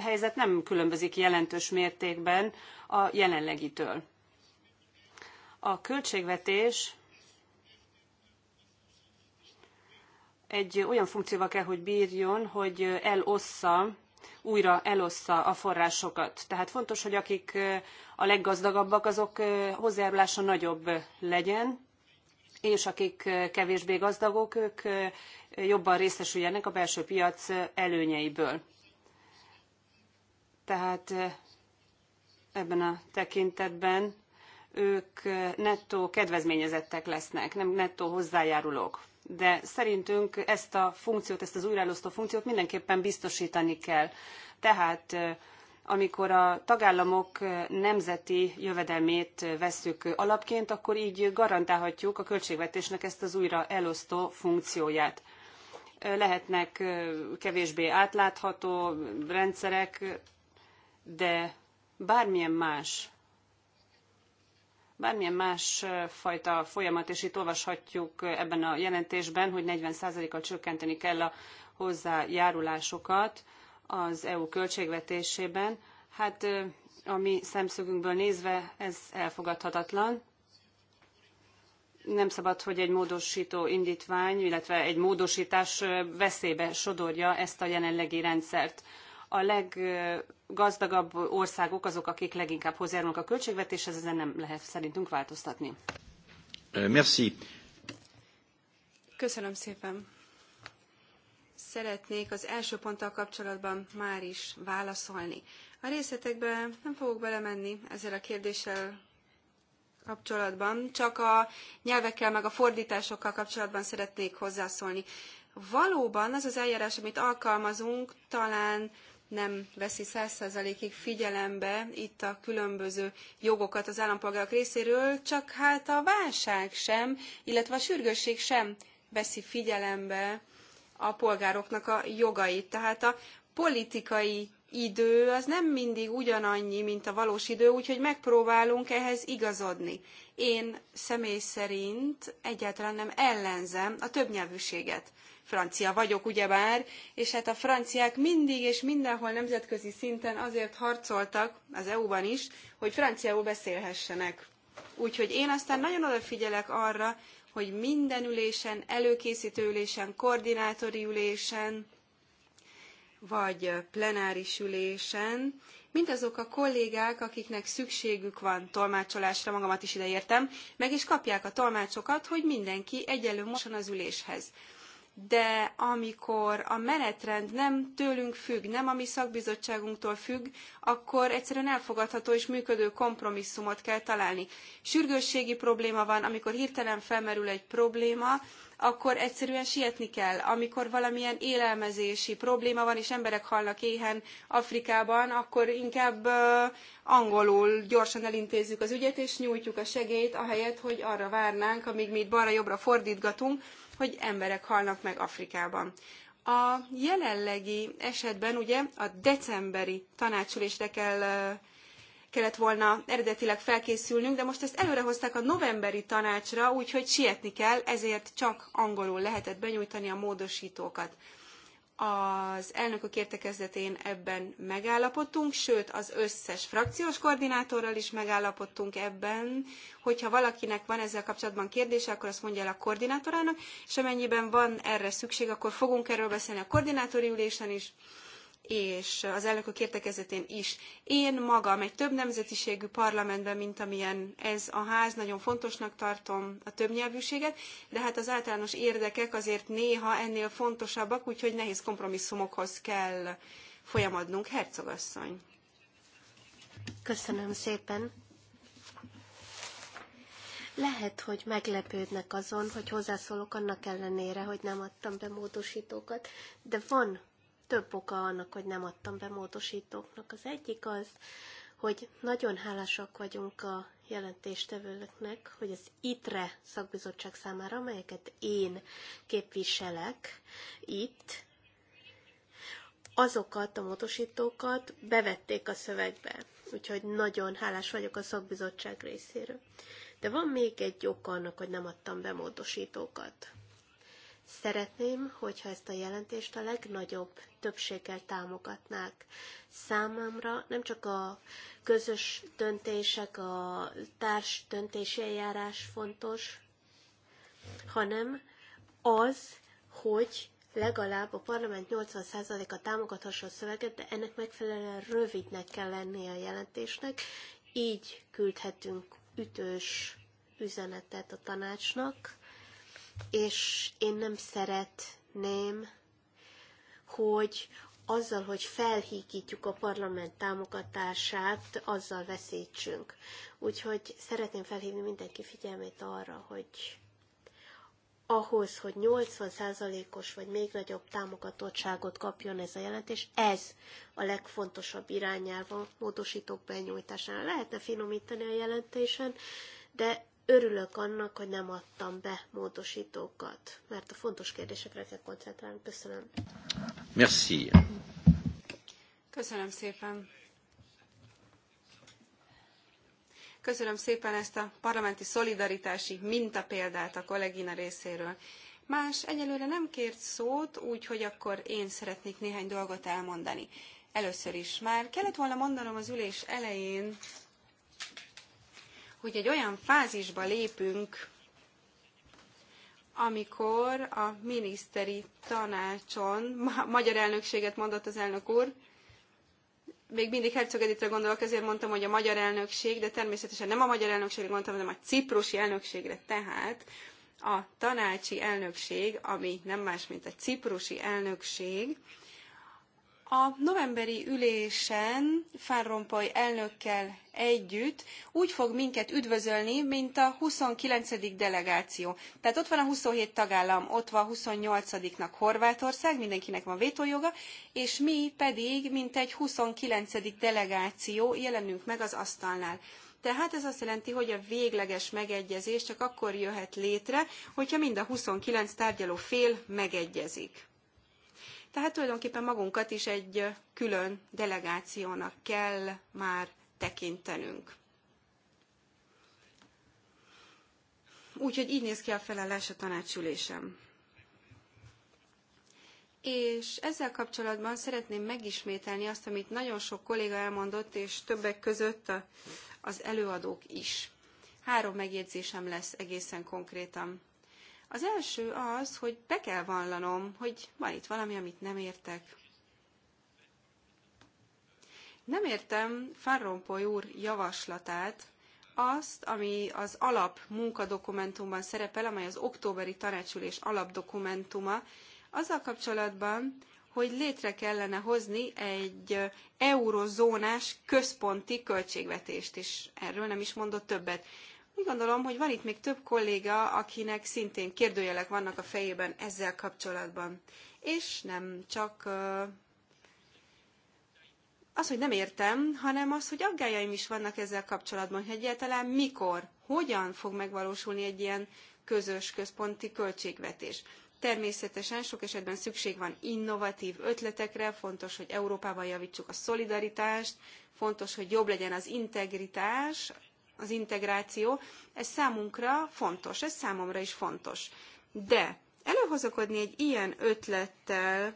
helyzet nem különbözik jelentős mértékben a jelenlegitől. A költségvetés egy olyan funkcióval kell, hogy bírjon, hogy elossza újra elossza a forrásokat. Tehát fontos, hogy akik a leggazdagabbak, azok hozzájárulása nagyobb legyen, és akik kevésbé gazdagok, ők jobban részesüljenek a belső piac előnyeiből. Tehát ebben a tekintetben ők nettó kedvezményezettek lesznek, nem nettó hozzájárulók de szerintünk ezt a funkciót, ezt az újraelosztó funkciót mindenképpen biztosítani kell. Tehát amikor a tagállamok nemzeti jövedelmét vesszük alapként, akkor így garantálhatjuk a költségvetésnek ezt az újraelosztó funkcióját. Lehetnek kevésbé átlátható rendszerek, de bármilyen más Bármilyen más fajta folyamat, és itt olvashatjuk ebben a jelentésben, hogy 40%-kal csökkenteni kell a hozzájárulásokat az EU költségvetésében. Hát a mi szemszögünkből nézve ez elfogadhatatlan. Nem szabad, hogy egy módosító indítvány, illetve egy módosítás veszélybe sodorja ezt a jelenlegi rendszert a leggazdagabb országok azok, akik leginkább hozzájárulnak a költségvetéshez, ezen nem lehet szerintünk változtatni. Merci. Köszönöm szépen. Szeretnék az első ponttal kapcsolatban már is válaszolni. A részletekbe nem fogok belemenni ezzel a kérdéssel kapcsolatban, csak a nyelvekkel meg a fordításokkal kapcsolatban szeretnék hozzászólni. Valóban az az eljárás, amit alkalmazunk, talán nem veszi száz százalékig figyelembe itt a különböző jogokat az állampolgárok részéről, csak hát a válság sem, illetve a sürgősség sem veszi figyelembe a polgároknak a jogait. Tehát a politikai idő az nem mindig ugyanannyi, mint a valós idő, úgyhogy megpróbálunk ehhez igazodni. Én személy szerint egyáltalán nem ellenzem a többnyelvűséget francia vagyok ugyebár, és hát a franciák mindig és mindenhol nemzetközi szinten azért harcoltak, az EU-ban is, hogy franciául beszélhessenek. Úgyhogy én aztán nagyon odafigyelek arra, hogy minden ülésen, előkészítő ülésen, koordinátori ülésen, vagy plenáris ülésen, mindazok a kollégák, akiknek szükségük van tolmácsolásra, magamat is ide értem, meg is kapják a tolmácsokat, hogy mindenki egyenlő módon az üléshez de amikor a menetrend nem tőlünk függ, nem a mi szakbizottságunktól függ, akkor egyszerűen elfogadható és működő kompromisszumot kell találni. Sürgősségi probléma van, amikor hirtelen felmerül egy probléma, akkor egyszerűen sietni kell. Amikor valamilyen élelmezési probléma van, és emberek halnak éhen Afrikában, akkor inkább angolul gyorsan elintézzük az ügyet, és nyújtjuk a segélyt, ahelyett, hogy arra várnánk, amíg mi itt balra-jobbra fordítgatunk, hogy emberek halnak meg Afrikában. A jelenlegi esetben ugye a decemberi tanácsülésre kell kellett volna eredetileg felkészülnünk, de most ezt előrehozták a novemberi tanácsra, úgyhogy sietni kell, ezért csak angolul lehetett benyújtani a módosítókat az elnökök értekezletén ebben megállapodtunk, sőt az összes frakciós koordinátorral is megállapodtunk ebben, hogyha valakinek van ezzel kapcsolatban kérdése, akkor azt mondja el a koordinátorának, és amennyiben van erre szükség, akkor fogunk erről beszélni a koordinátori ülésen is, és az elnökök értekezetén is. Én magam egy több nemzetiségű parlamentben, mint amilyen ez a ház, nagyon fontosnak tartom a többnyelvűséget, de hát az általános érdekek azért néha ennél fontosabbak, úgyhogy nehéz kompromisszumokhoz kell folyamodnunk. Hercogasszony. Köszönöm szépen. Lehet, hogy meglepődnek azon, hogy hozzászólok annak ellenére, hogy nem adtam be módosítókat, de van több oka annak, hogy nem adtam be módosítóknak. Az egyik az, hogy nagyon hálásak vagyunk a jelentéstevőknek, hogy az ITRE szakbizottság számára, amelyeket én képviselek itt, azokat a módosítókat bevették a szövegbe. Úgyhogy nagyon hálás vagyok a szakbizottság részéről. De van még egy oka annak, hogy nem adtam be módosítókat. Szeretném, hogyha ezt a jelentést a legnagyobb többséggel támogatnák. Számomra nem csak a közös döntések, a társ döntési eljárás fontos, hanem az, hogy legalább a parlament 80%-a támogathassa a szöveget, de ennek megfelelően rövidnek kell lennie a jelentésnek, így küldhetünk ütős üzenetet a tanácsnak, és én nem szeretném, hogy azzal, hogy felhíkítjuk a parlament támogatását, azzal veszítsünk. Úgyhogy szeretném felhívni mindenki figyelmét arra, hogy ahhoz, hogy 80%-os vagy még nagyobb támogatottságot kapjon ez a jelentés, ez a legfontosabb irányelv a módosítók benyújtásán. Lehetne finomítani a jelentésen, de Örülök annak, hogy nem adtam be módosítókat, mert a fontos kérdésekre kell koncentrálni. Köszönöm. Merci. Köszönöm szépen. Köszönöm szépen ezt a parlamenti szolidaritási mintapéldát a kollégina részéről. Más egyelőre nem kért szót, úgyhogy akkor én szeretnék néhány dolgot elmondani. Először is már kellett volna mondanom az ülés elején, hogy egy olyan fázisba lépünk, amikor a miniszteri tanácson, ma, magyar elnökséget mondott az elnök úr, még mindig Herzog Editre gondolok, ezért mondtam, hogy a magyar elnökség, de természetesen nem a magyar elnökségre gondoltam, hanem a ciprusi elnökségre. Tehát a tanácsi elnökség, ami nem más, mint a ciprusi elnökség, a novemberi ülésen Fán Rompuy elnökkel együtt úgy fog minket üdvözölni, mint a 29. delegáció. Tehát ott van a 27 tagállam, ott van a 28-nak Horvátország, mindenkinek van vétójoga, és mi pedig, mint egy 29. delegáció jelenünk meg az asztalnál. Tehát ez azt jelenti, hogy a végleges megegyezés csak akkor jöhet létre, hogyha mind a 29 tárgyaló fél megegyezik. Tehát tulajdonképpen magunkat is egy külön delegációnak kell már tekintenünk. Úgyhogy így néz ki a felelés a tanácsülésem. És ezzel kapcsolatban szeretném megismételni azt, amit nagyon sok kolléga elmondott, és többek között az előadók is. Három megjegyzésem lesz egészen konkrétan. Az első az, hogy be kell vallanom, hogy van itt valami, amit nem értek. Nem értem Farrompoly úr javaslatát, azt, ami az alap munkadokumentumban szerepel, amely az októberi tanácsülés alapdokumentuma, azzal kapcsolatban, hogy létre kellene hozni egy eurozónás központi költségvetést, és erről nem is mondott többet. Úgy gondolom, hogy van itt még több kolléga, akinek szintén kérdőjelek vannak a fejében ezzel kapcsolatban. És nem csak az, hogy nem értem, hanem az, hogy aggájaim is vannak ezzel kapcsolatban, hogy egyáltalán mikor, hogyan fog megvalósulni egy ilyen közös központi költségvetés. Természetesen sok esetben szükség van innovatív ötletekre, fontos, hogy Európában javítsuk a szolidaritást, fontos, hogy jobb legyen az integritás az integráció. Ez számunkra fontos, ez számomra is fontos. De előhozakodni egy ilyen ötlettel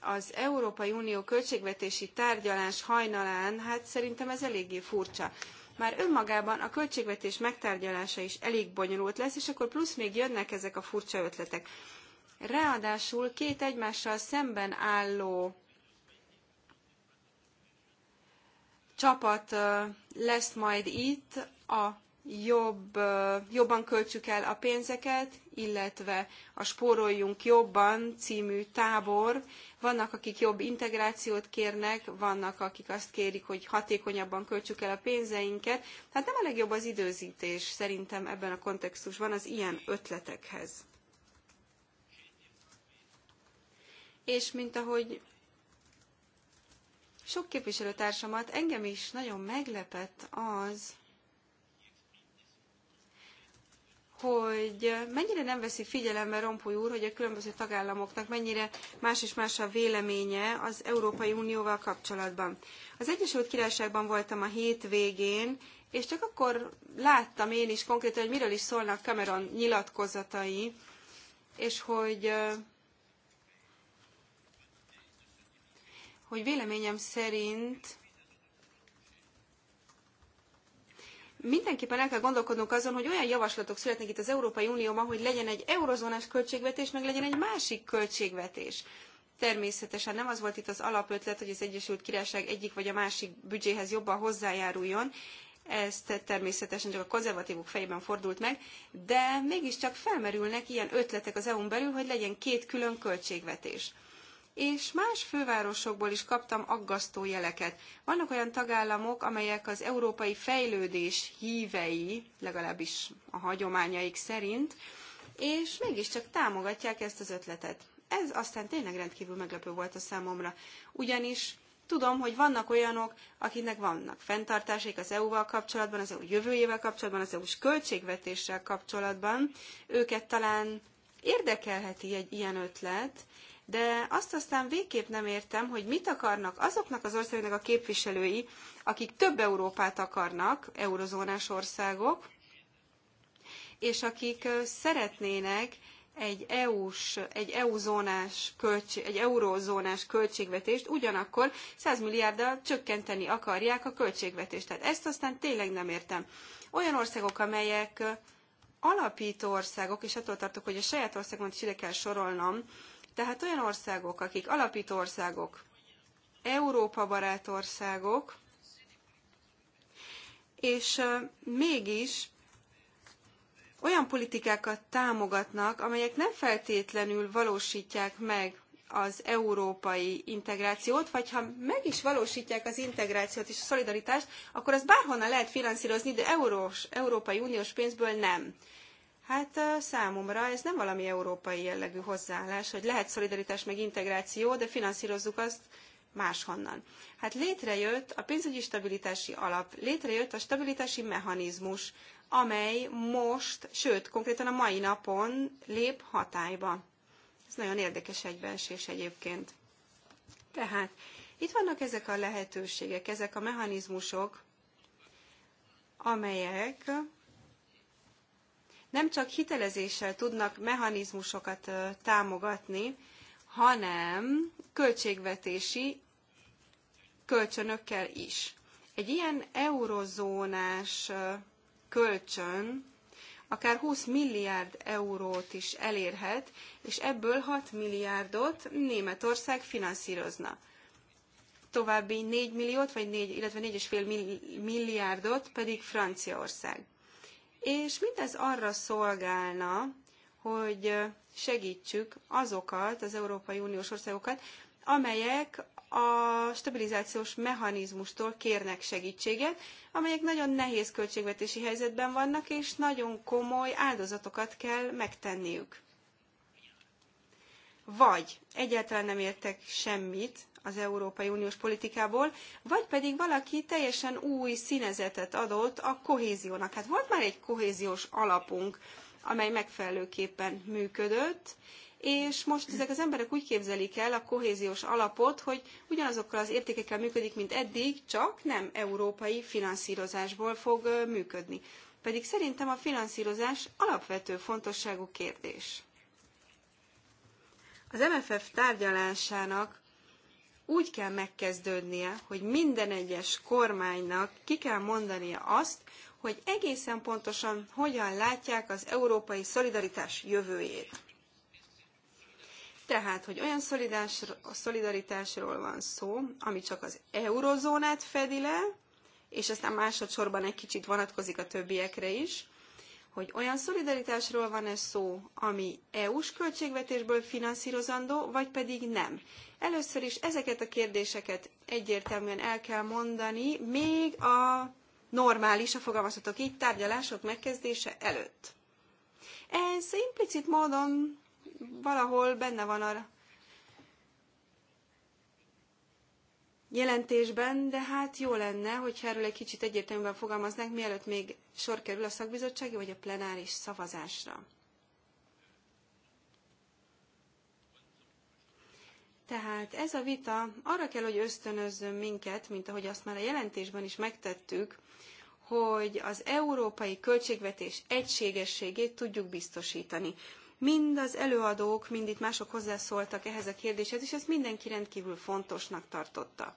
az Európai Unió költségvetési tárgyalás hajnalán, hát szerintem ez eléggé furcsa. Már önmagában a költségvetés megtárgyalása is elég bonyolult lesz, és akkor plusz még jönnek ezek a furcsa ötletek. Ráadásul két egymással szemben álló csapat lesz majd itt, a jobb, jobban költsük el a pénzeket, illetve a Spóroljunk jobban című tábor. Vannak, akik jobb integrációt kérnek, vannak, akik azt kérik, hogy hatékonyabban költsük el a pénzeinket. Tehát nem a legjobb az időzítés szerintem ebben a kontextusban az ilyen ötletekhez. És mint ahogy sok képviselőtársamat, engem is nagyon meglepett az, hogy mennyire nem veszi figyelembe Rompuy úr, hogy a különböző tagállamoknak mennyire más és más a véleménye az Európai Unióval kapcsolatban. Az Egyesült Királyságban voltam a hétvégén, és csak akkor láttam én is konkrétan, hogy miről is szólnak Cameron nyilatkozatai, és hogy hogy véleményem szerint mindenképpen el kell gondolkodnunk azon, hogy olyan javaslatok születnek itt az Európai Unióban, hogy legyen egy eurozónás költségvetés, meg legyen egy másik költségvetés. Természetesen nem az volt itt az alapötlet, hogy az Egyesült Királyság egyik vagy a másik büdzséhez jobban hozzájáruljon, ez természetesen csak a konzervatívok fejében fordult meg, de mégiscsak felmerülnek ilyen ötletek az EU-n belül, hogy legyen két külön költségvetés és más fővárosokból is kaptam aggasztó jeleket. Vannak olyan tagállamok, amelyek az európai fejlődés hívei, legalábbis a hagyományaik szerint, és mégiscsak támogatják ezt az ötletet. Ez aztán tényleg rendkívül meglepő volt a számomra, ugyanis tudom, hogy vannak olyanok, akiknek vannak fenntartásaik az EU-val kapcsolatban, az EU jövőjével kapcsolatban, az EU-s költségvetéssel kapcsolatban. Őket talán érdekelheti egy ilyen ötlet, de azt aztán végképp nem értem, hogy mit akarnak azoknak az országoknak a képviselői, akik több Európát akarnak, eurozónás országok, és akik szeretnének egy EU-s, egy EU-zónás egy eurózónás költségvetést ugyanakkor 100 milliárddal csökkenteni akarják a költségvetést. Tehát ezt aztán tényleg nem értem. Olyan országok, amelyek alapító országok, és attól tartok, hogy a saját országomat is ide kell sorolnom, tehát olyan országok, akik alapító országok, Európa barát országok, és mégis olyan politikákat támogatnak, amelyek nem feltétlenül valósítják meg az európai integrációt, vagy ha meg is valósítják az integrációt és a szolidaritást, akkor az bárhonnan lehet finanszírozni, de eurós, Európai Uniós pénzből nem. Hát számomra ez nem valami európai jellegű hozzáállás, hogy lehet szolidaritás meg integráció, de finanszírozzuk azt máshonnan. Hát létrejött a pénzügyi stabilitási alap, létrejött a stabilitási mechanizmus, amely most, sőt, konkrétan a mai napon lép hatályba. Ez nagyon érdekes egybeesés egyébként. Tehát itt vannak ezek a lehetőségek, ezek a mechanizmusok, amelyek nem csak hitelezéssel tudnak mechanizmusokat támogatni, hanem költségvetési kölcsönökkel is. Egy ilyen eurozónás kölcsön akár 20 milliárd eurót is elérhet, és ebből 6 milliárdot Németország finanszírozna. További 4 milliót, vagy 4, illetve 4,5 milliárdot pedig Franciaország és mindez arra szolgálna, hogy segítsük azokat az Európai Uniós országokat, amelyek a stabilizációs mechanizmustól kérnek segítséget, amelyek nagyon nehéz költségvetési helyzetben vannak, és nagyon komoly áldozatokat kell megtenniük. Vagy egyáltalán nem értek semmit az Európai Uniós politikából, vagy pedig valaki teljesen új színezetet adott a kohéziónak. Hát volt már egy kohéziós alapunk, amely megfelelőképpen működött, és most ezek az emberek úgy képzelik el a kohéziós alapot, hogy ugyanazokkal az értékekkel működik, mint eddig, csak nem európai finanszírozásból fog működni. Pedig szerintem a finanszírozás alapvető fontosságú kérdés. Az MFF tárgyalásának úgy kell megkezdődnie, hogy minden egyes kormánynak ki kell mondania azt, hogy egészen pontosan hogyan látják az európai szolidaritás jövőjét. Tehát, hogy olyan szolidaritásról van szó, ami csak az eurozónát fedi le, és aztán másodszorban egy kicsit vonatkozik a többiekre is, hogy olyan szolidaritásról van-e szó, ami EU-s költségvetésből finanszírozandó, vagy pedig nem. Először is ezeket a kérdéseket egyértelműen el kell mondani, még a normális, a fogalmazhatok így, tárgyalások megkezdése előtt. Ez implicit módon valahol benne van a jelentésben, de hát jó lenne, hogy erről egy kicsit egyértelműen fogalmaznánk, mielőtt még sor kerül a szakbizottsági vagy a plenáris szavazásra. Tehát ez a vita arra kell, hogy ösztönözzön minket, mint ahogy azt már a jelentésben is megtettük, hogy az európai költségvetés egységességét tudjuk biztosítani. Mind az előadók, mind itt mások hozzászóltak ehhez a kérdéshez, és ezt mindenki rendkívül fontosnak tartotta.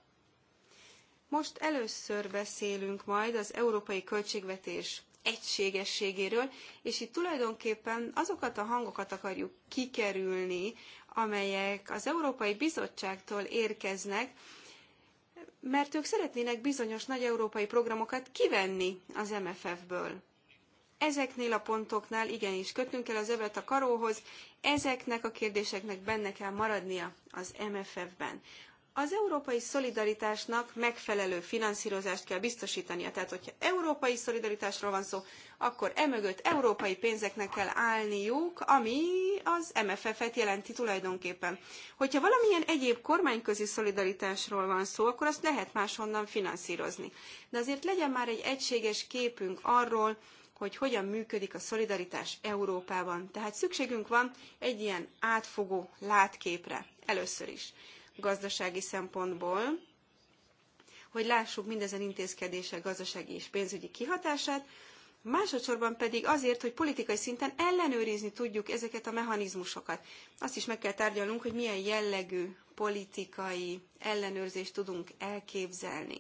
Most először beszélünk majd az európai költségvetés egységességéről, és itt tulajdonképpen azokat a hangokat akarjuk kikerülni, amelyek az Európai Bizottságtól érkeznek, mert ők szeretnének bizonyos nagy európai programokat kivenni az MFF-ből. Ezeknél a pontoknál igenis kötnünk kell az övet a karóhoz, ezeknek a kérdéseknek benne kell maradnia az MFF-ben az európai szolidaritásnak megfelelő finanszírozást kell biztosítania. Tehát, hogyha európai szolidaritásról van szó, akkor emögött európai pénzeknek kell állniuk, ami az MFF-et jelenti tulajdonképpen. Hogyha valamilyen egyéb kormányközi szolidaritásról van szó, akkor azt lehet máshonnan finanszírozni. De azért legyen már egy egységes képünk arról, hogy hogyan működik a szolidaritás Európában. Tehát szükségünk van egy ilyen átfogó látképre először is gazdasági szempontból, hogy lássuk mindezen intézkedések gazdasági és pénzügyi kihatását, másodszorban pedig azért, hogy politikai szinten ellenőrizni tudjuk ezeket a mechanizmusokat. Azt is meg kell tárgyalnunk, hogy milyen jellegű politikai ellenőrzést tudunk elképzelni.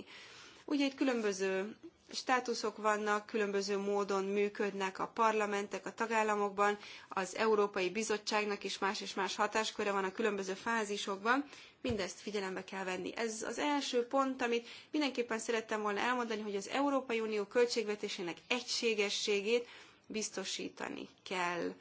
Ugye itt különböző státuszok vannak, különböző módon működnek a parlamentek a tagállamokban, az Európai Bizottságnak is más és más hatásköre van a különböző fázisokban, mindezt figyelembe kell venni. Ez az első pont, amit mindenképpen szerettem volna elmondani, hogy az Európai Unió költségvetésének egységességét biztosítani kell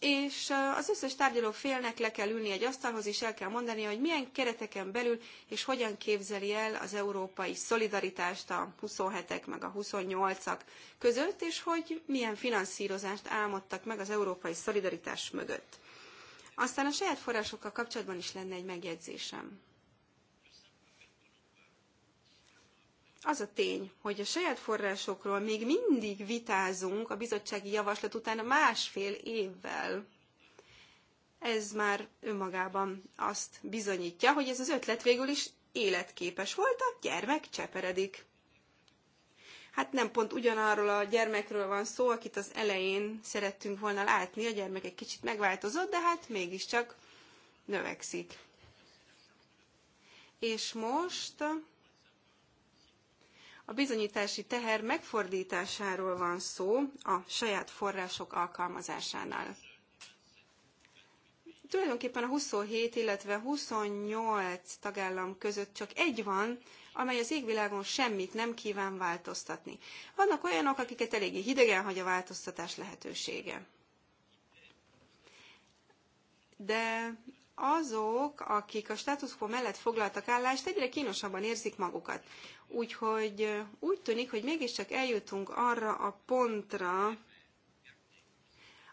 és az összes tárgyaló félnek le kell ülni egy asztalhoz, és el kell mondani, hogy milyen kereteken belül és hogyan képzeli el az európai szolidaritást a 27-ek meg a 28-ak között, és hogy milyen finanszírozást álmodtak meg az európai szolidaritás mögött. Aztán a saját forrásokkal kapcsolatban is lenne egy megjegyzésem. az a tény, hogy a saját forrásokról még mindig vitázunk a bizottsági javaslat után másfél évvel. Ez már önmagában azt bizonyítja, hogy ez az ötlet végül is életképes volt, a gyermek cseperedik. Hát nem pont ugyanarról a gyermekről van szó, akit az elején szerettünk volna látni, a gyermek egy kicsit megváltozott, de hát mégiscsak növekszik. És most a bizonyítási teher megfordításáról van szó a saját források alkalmazásánál. Tulajdonképpen a 27, illetve 28 tagállam között csak egy van, amely az égvilágon semmit nem kíván változtatni. Vannak olyanok, akiket eléggé hidegen hagy a változtatás lehetősége. De azok, akik a státuszkó mellett foglaltak állást, egyre kínosabban érzik magukat. Úgyhogy úgy tűnik, hogy mégiscsak eljutunk arra a pontra,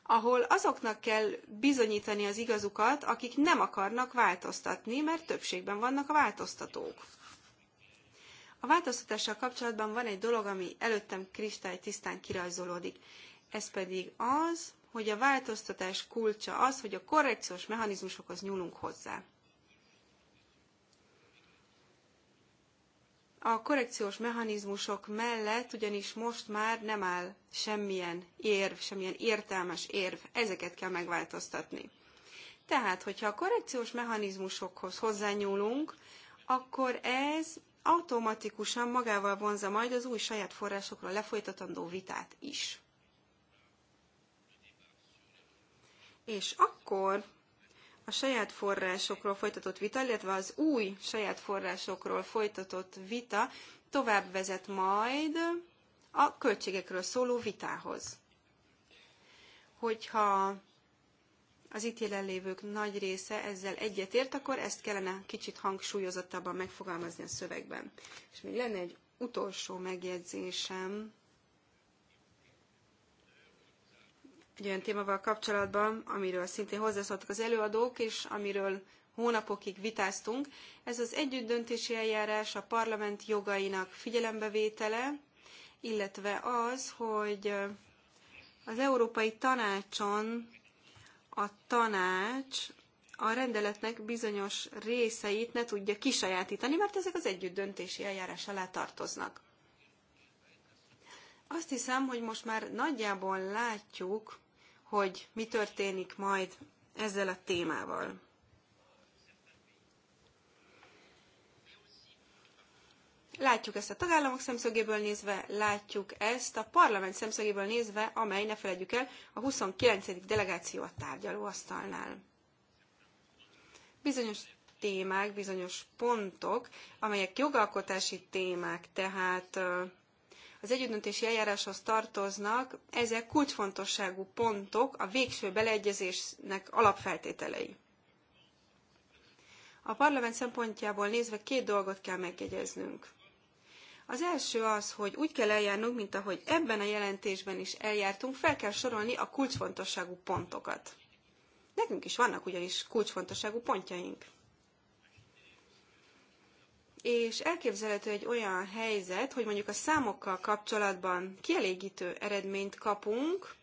ahol azoknak kell bizonyítani az igazukat, akik nem akarnak változtatni, mert többségben vannak a változtatók. A változtatással kapcsolatban van egy dolog, ami előttem kristály tisztán kirajzolódik. Ez pedig az, hogy a változtatás kulcsa az, hogy a korrekciós mechanizmusokhoz nyúlunk hozzá. A korrekciós mechanizmusok mellett ugyanis most már nem áll semmilyen érv, semmilyen értelmes érv, ezeket kell megváltoztatni. Tehát, hogyha a korrekciós mechanizmusokhoz hozzányúlunk, akkor ez automatikusan magával vonza majd az új saját forrásokról lefolytatandó vitát is. És akkor a saját forrásokról folytatott vita, illetve az új saját forrásokról folytatott vita tovább vezet majd a költségekről szóló vitához. Hogyha az itt jelenlévők nagy része ezzel egyetért, akkor ezt kellene kicsit hangsúlyozottabban megfogalmazni a szövegben. És még lenne egy utolsó megjegyzésem. egy olyan témával kapcsolatban, amiről szintén hozzászóltak az előadók, és amiről hónapokig vitáztunk. Ez az együttdöntési eljárás a parlament jogainak figyelembevétele, illetve az, hogy eh, az Európai Tanácson a tanács a rendeletnek bizonyos részeit ne tudja kisajátítani, mert ezek az együttdöntési eljárás alá tartoznak. Azt hiszem, hogy most már nagyjából látjuk, hogy mi történik majd ezzel a témával. Látjuk ezt a tagállamok szemszögéből nézve, látjuk ezt a parlament szemszögéből nézve, amely, ne felejtjük el, a 29. delegáció a tárgyalóasztalnál. Bizonyos témák, bizonyos pontok, amelyek jogalkotási témák, tehát az együttdöntési eljáráshoz tartoznak, ezek kulcsfontosságú pontok, a végső beleegyezésnek alapfeltételei. A parlament szempontjából nézve két dolgot kell megjegyeznünk. Az első az, hogy úgy kell eljárnunk, mint ahogy ebben a jelentésben is eljártunk, fel kell sorolni a kulcsfontosságú pontokat. Nekünk is vannak ugyanis kulcsfontosságú pontjaink és elképzelhető egy olyan helyzet, hogy mondjuk a számokkal kapcsolatban kielégítő eredményt kapunk,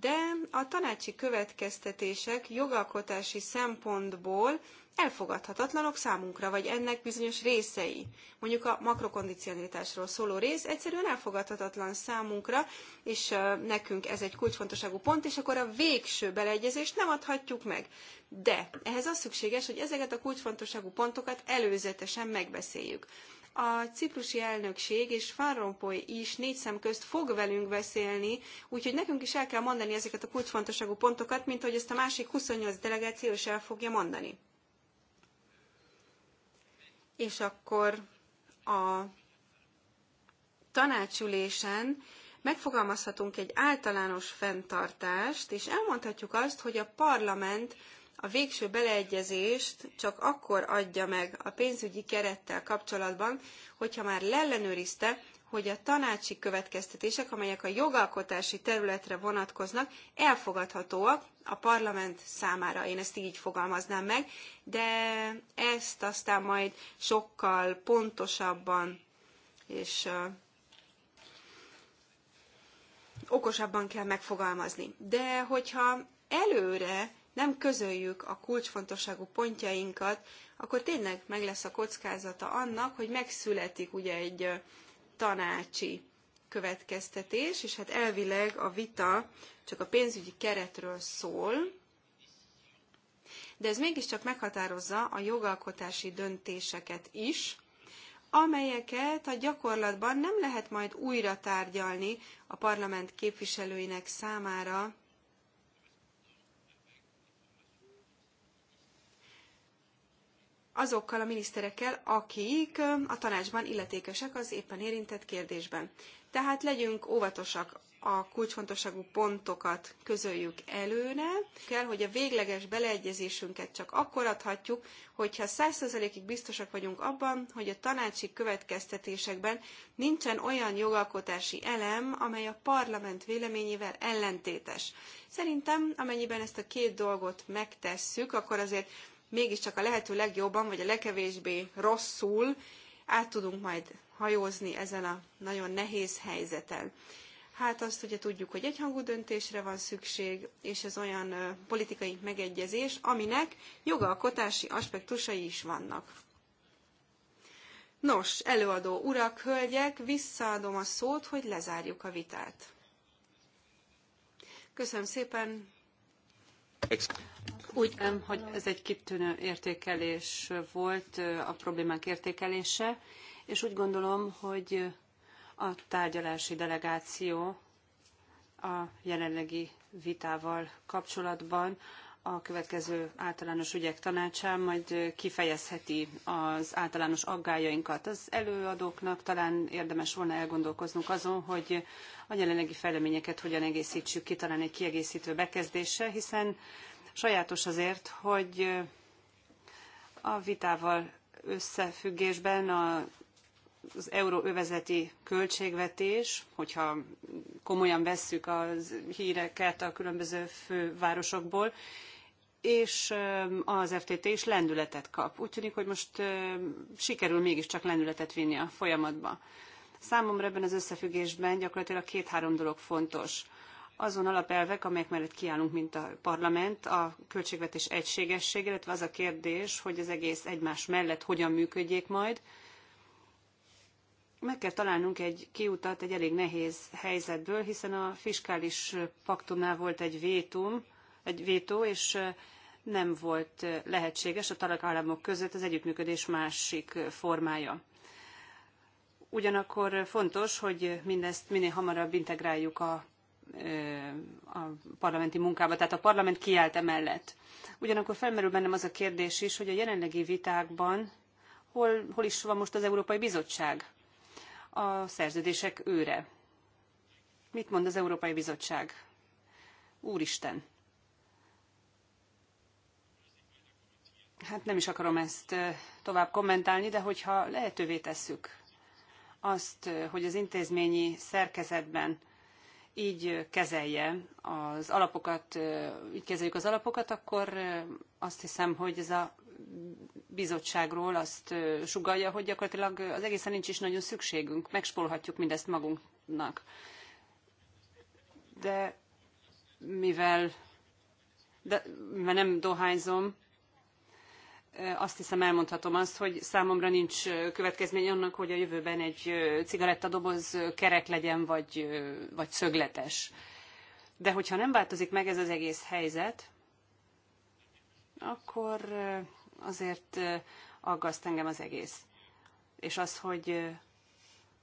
de a tanácsi következtetések jogalkotási szempontból elfogadhatatlanok számunkra, vagy ennek bizonyos részei. Mondjuk a makrokondicionalitásról szóló rész egyszerűen elfogadhatatlan számunkra, és nekünk ez egy kulcsfontosságú pont, és akkor a végső beleegyezést nem adhatjuk meg. De ehhez az szükséges, hogy ezeket a kulcsfontosságú pontokat előzetesen megbeszéljük a ciprusi elnökség és Van Rompuy is négy szem közt fog velünk beszélni, úgyhogy nekünk is el kell mondani ezeket a kulcsfontosságú pontokat, mint ahogy ezt a másik 28 delegáció is el fogja mondani és akkor a tanácsülésen megfogalmazhatunk egy általános fenntartást, és elmondhatjuk azt, hogy a parlament a végső beleegyezést csak akkor adja meg a pénzügyi kerettel kapcsolatban, hogyha már leellenőrizte, hogy a tanácsi következtetések, amelyek a jogalkotási területre vonatkoznak, elfogadhatóak a parlament számára. Én ezt így fogalmaznám meg, de ezt aztán majd sokkal pontosabban és okosabban kell megfogalmazni. De hogyha előre nem közöljük a kulcsfontosságú pontjainkat, akkor tényleg meg lesz a kockázata annak, hogy megszületik ugye egy tanácsi következtetés, és hát elvileg a vita csak a pénzügyi keretről szól, de ez mégiscsak meghatározza a jogalkotási döntéseket is, amelyeket a gyakorlatban nem lehet majd újra tárgyalni a parlament képviselőinek számára azokkal a miniszterekkel, akik a tanácsban illetékesek az éppen érintett kérdésben. Tehát legyünk óvatosak a kulcsfontosságú pontokat közöljük előre. Kell, hogy a végleges beleegyezésünket csak akkor adhatjuk, hogyha 100%-ig biztosak vagyunk abban, hogy a tanácsi következtetésekben nincsen olyan jogalkotási elem, amely a parlament véleményével ellentétes. Szerintem, amennyiben ezt a két dolgot megtesszük, akkor azért mégiscsak a lehető legjobban, vagy a legkevésbé rosszul át tudunk majd hajózni ezen a nagyon nehéz helyzeten. Hát azt ugye tudjuk, hogy egyhangú döntésre van szükség, és ez olyan politikai megegyezés, aminek jogalkotási aspektusai is vannak. Nos, előadó urak, hölgyek, visszaadom a szót, hogy lezárjuk a vitát. Köszönöm szépen úgy nem, hogy ez egy kitűnő értékelés volt, a problémák értékelése, és úgy gondolom, hogy a tárgyalási delegáció a jelenlegi vitával kapcsolatban a következő általános ügyek tanácsán majd kifejezheti az általános aggájainkat. Az előadóknak talán érdemes volna elgondolkoznunk azon, hogy a jelenlegi fejleményeket hogyan egészítsük ki, talán egy kiegészítő bekezdéssel, hiszen sajátos azért, hogy a vitával összefüggésben a az euróövezeti költségvetés, hogyha komolyan vesszük a híreket a különböző fővárosokból, és az FTT is lendületet kap. Úgy tűnik, hogy most sikerül mégiscsak lendületet vinni a folyamatba. Számomra ebben az összefüggésben gyakorlatilag két-három dolog fontos. Azon alapelvek, amelyek mellett kiállunk, mint a parlament, a költségvetés egységesség, illetve az a kérdés, hogy az egész egymás mellett hogyan működjék majd. Meg kell találnunk egy kiutat egy elég nehéz helyzetből, hiszen a fiskális paktumnál volt egy vétum, egy vétó, és nem volt lehetséges a tagállamok között az együttműködés másik formája. Ugyanakkor fontos, hogy mindezt minél hamarabb integráljuk a, a parlamenti munkába, tehát a parlament kiállt emellett. Ugyanakkor felmerül bennem az a kérdés is, hogy a jelenlegi vitákban hol, hol is van most az Európai Bizottság? A szerződések őre. Mit mond az Európai Bizottság? Úristen! hát nem is akarom ezt tovább kommentálni, de hogyha lehetővé tesszük azt, hogy az intézményi szerkezetben így kezelje az alapokat, így kezeljük az alapokat, akkor azt hiszem, hogy ez a bizottságról azt sugalja, hogy gyakorlatilag az egészen nincs is nagyon szükségünk, megspórolhatjuk mindezt magunknak. De mivel de, mert nem dohányzom, azt hiszem elmondhatom azt, hogy számomra nincs következmény annak, hogy a jövőben egy cigarettadoboz kerek legyen, vagy, vagy szögletes. De hogyha nem változik meg ez az egész helyzet, akkor azért aggaszt engem az egész. És az, hogy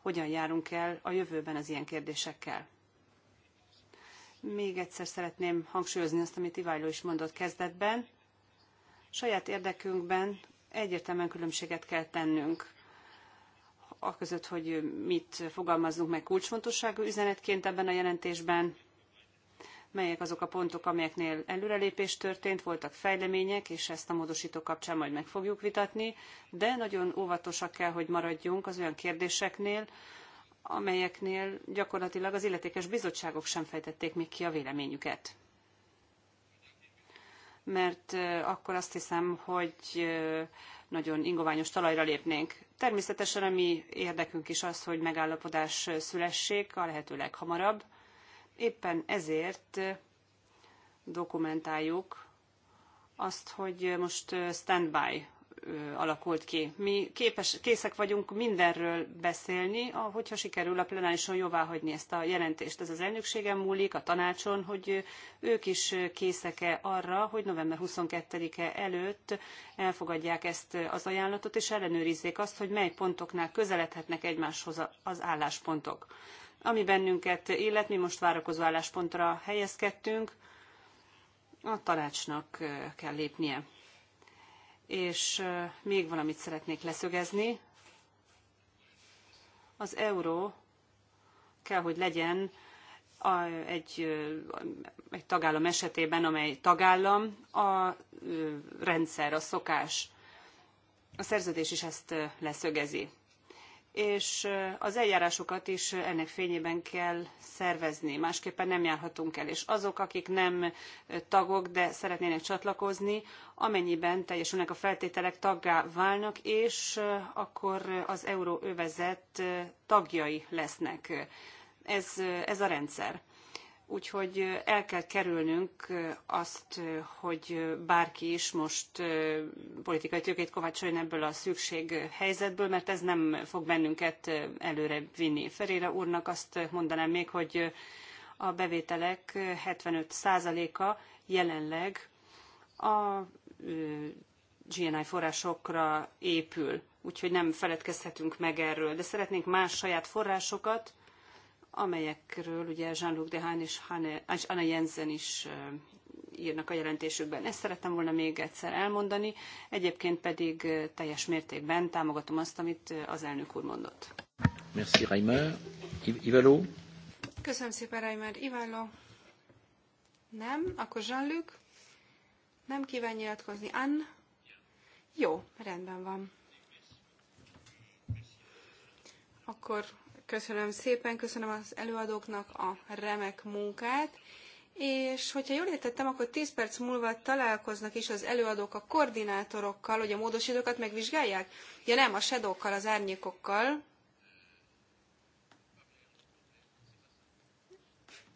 hogyan járunk el a jövőben az ilyen kérdésekkel. Még egyszer szeretném hangsúlyozni azt, amit Iváló is mondott kezdetben, Saját érdekünkben egyértelműen különbséget kell tennünk a között, hogy mit fogalmazunk meg kulcsfontosságú üzenetként ebben a jelentésben, melyek azok a pontok, amelyeknél előrelépés történt, voltak fejlemények, és ezt a módosító kapcsán majd meg fogjuk vitatni, de nagyon óvatosak kell, hogy maradjunk az olyan kérdéseknél, amelyeknél gyakorlatilag az illetékes bizottságok sem fejtették még ki a véleményüket mert akkor azt hiszem, hogy nagyon ingoványos talajra lépnénk. Természetesen a mi érdekünk is az, hogy megállapodás szülessék a lehető leghamarabb. Éppen ezért dokumentáljuk azt, hogy most standby alakult ki. Mi képes, készek vagyunk mindenről beszélni, hogyha sikerül a plenárison jóváhagyni ezt a jelentést. Ez az elnökségen múlik, a tanácson, hogy ők is készek-e arra, hogy november 22-e előtt elfogadják ezt az ajánlatot, és ellenőrizzék azt, hogy mely pontoknál közeledhetnek egymáshoz az álláspontok. Ami bennünket illet, mi most várakozó álláspontra helyezkedtünk, a tanácsnak kell lépnie. És még valamit szeretnék leszögezni. Az euró kell, hogy legyen a, egy, egy tagállam esetében, amely tagállam, a rendszer, a szokás. A szerződés is ezt leszögezi és az eljárásokat is ennek fényében kell szervezni, másképpen nem járhatunk el. És azok, akik nem tagok, de szeretnének csatlakozni, amennyiben teljesülnek a feltételek, taggá válnak, és akkor az euróövezet tagjai lesznek. Ez, ez a rendszer. Úgyhogy el kell kerülnünk azt, hogy bárki is most politikai tőkét kovácsoljon ebből a szükséghelyzetből, mert ez nem fog bennünket előre vinni. Ferére úrnak azt mondanám még, hogy a bevételek 75%-a jelenleg a GNI forrásokra épül, úgyhogy nem feledkezhetünk meg erről. De szeretnénk más saját forrásokat, amelyekről ugye Jean-Luc Dehaene és Hanne, Anna Jensen is írnak a jelentésükben. Ezt szerettem volna még egyszer elmondani, egyébként pedig teljes mértékben támogatom azt, amit az elnök úr mondott. Merci, Reimer. Ivalo? Köszönöm szépen, Reimer. Ivalo? Nem? Akkor Jean-Luc? Nem kíván nyilatkozni. Ann? Jó, rendben van. Akkor Köszönöm szépen, köszönöm az előadóknak a remek munkát. És hogyha jól értettem, akkor 10 perc múlva találkoznak is az előadók a koordinátorokkal, hogy a módosítókat megvizsgálják? Ja nem, a shadowkkal, az árnyékokkal.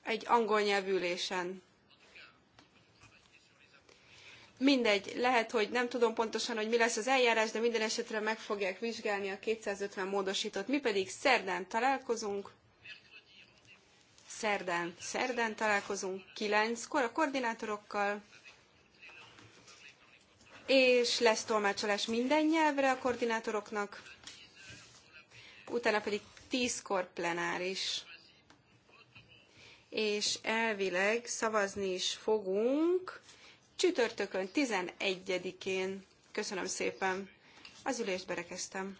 Egy angol nyelvű ülésen. Mindegy, lehet, hogy nem tudom pontosan, hogy mi lesz az eljárás, de minden esetre meg fogják vizsgálni a 250 módosítót. Mi pedig szerdán találkozunk, szerdán, szerdán találkozunk, kilenckor a koordinátorokkal, és lesz tolmácsolás minden nyelvre a koordinátoroknak, utána pedig tízkor plenáris. És elvileg szavazni is fogunk csütörtökön 11-én. Köszönöm szépen. Az ülést berekeztem.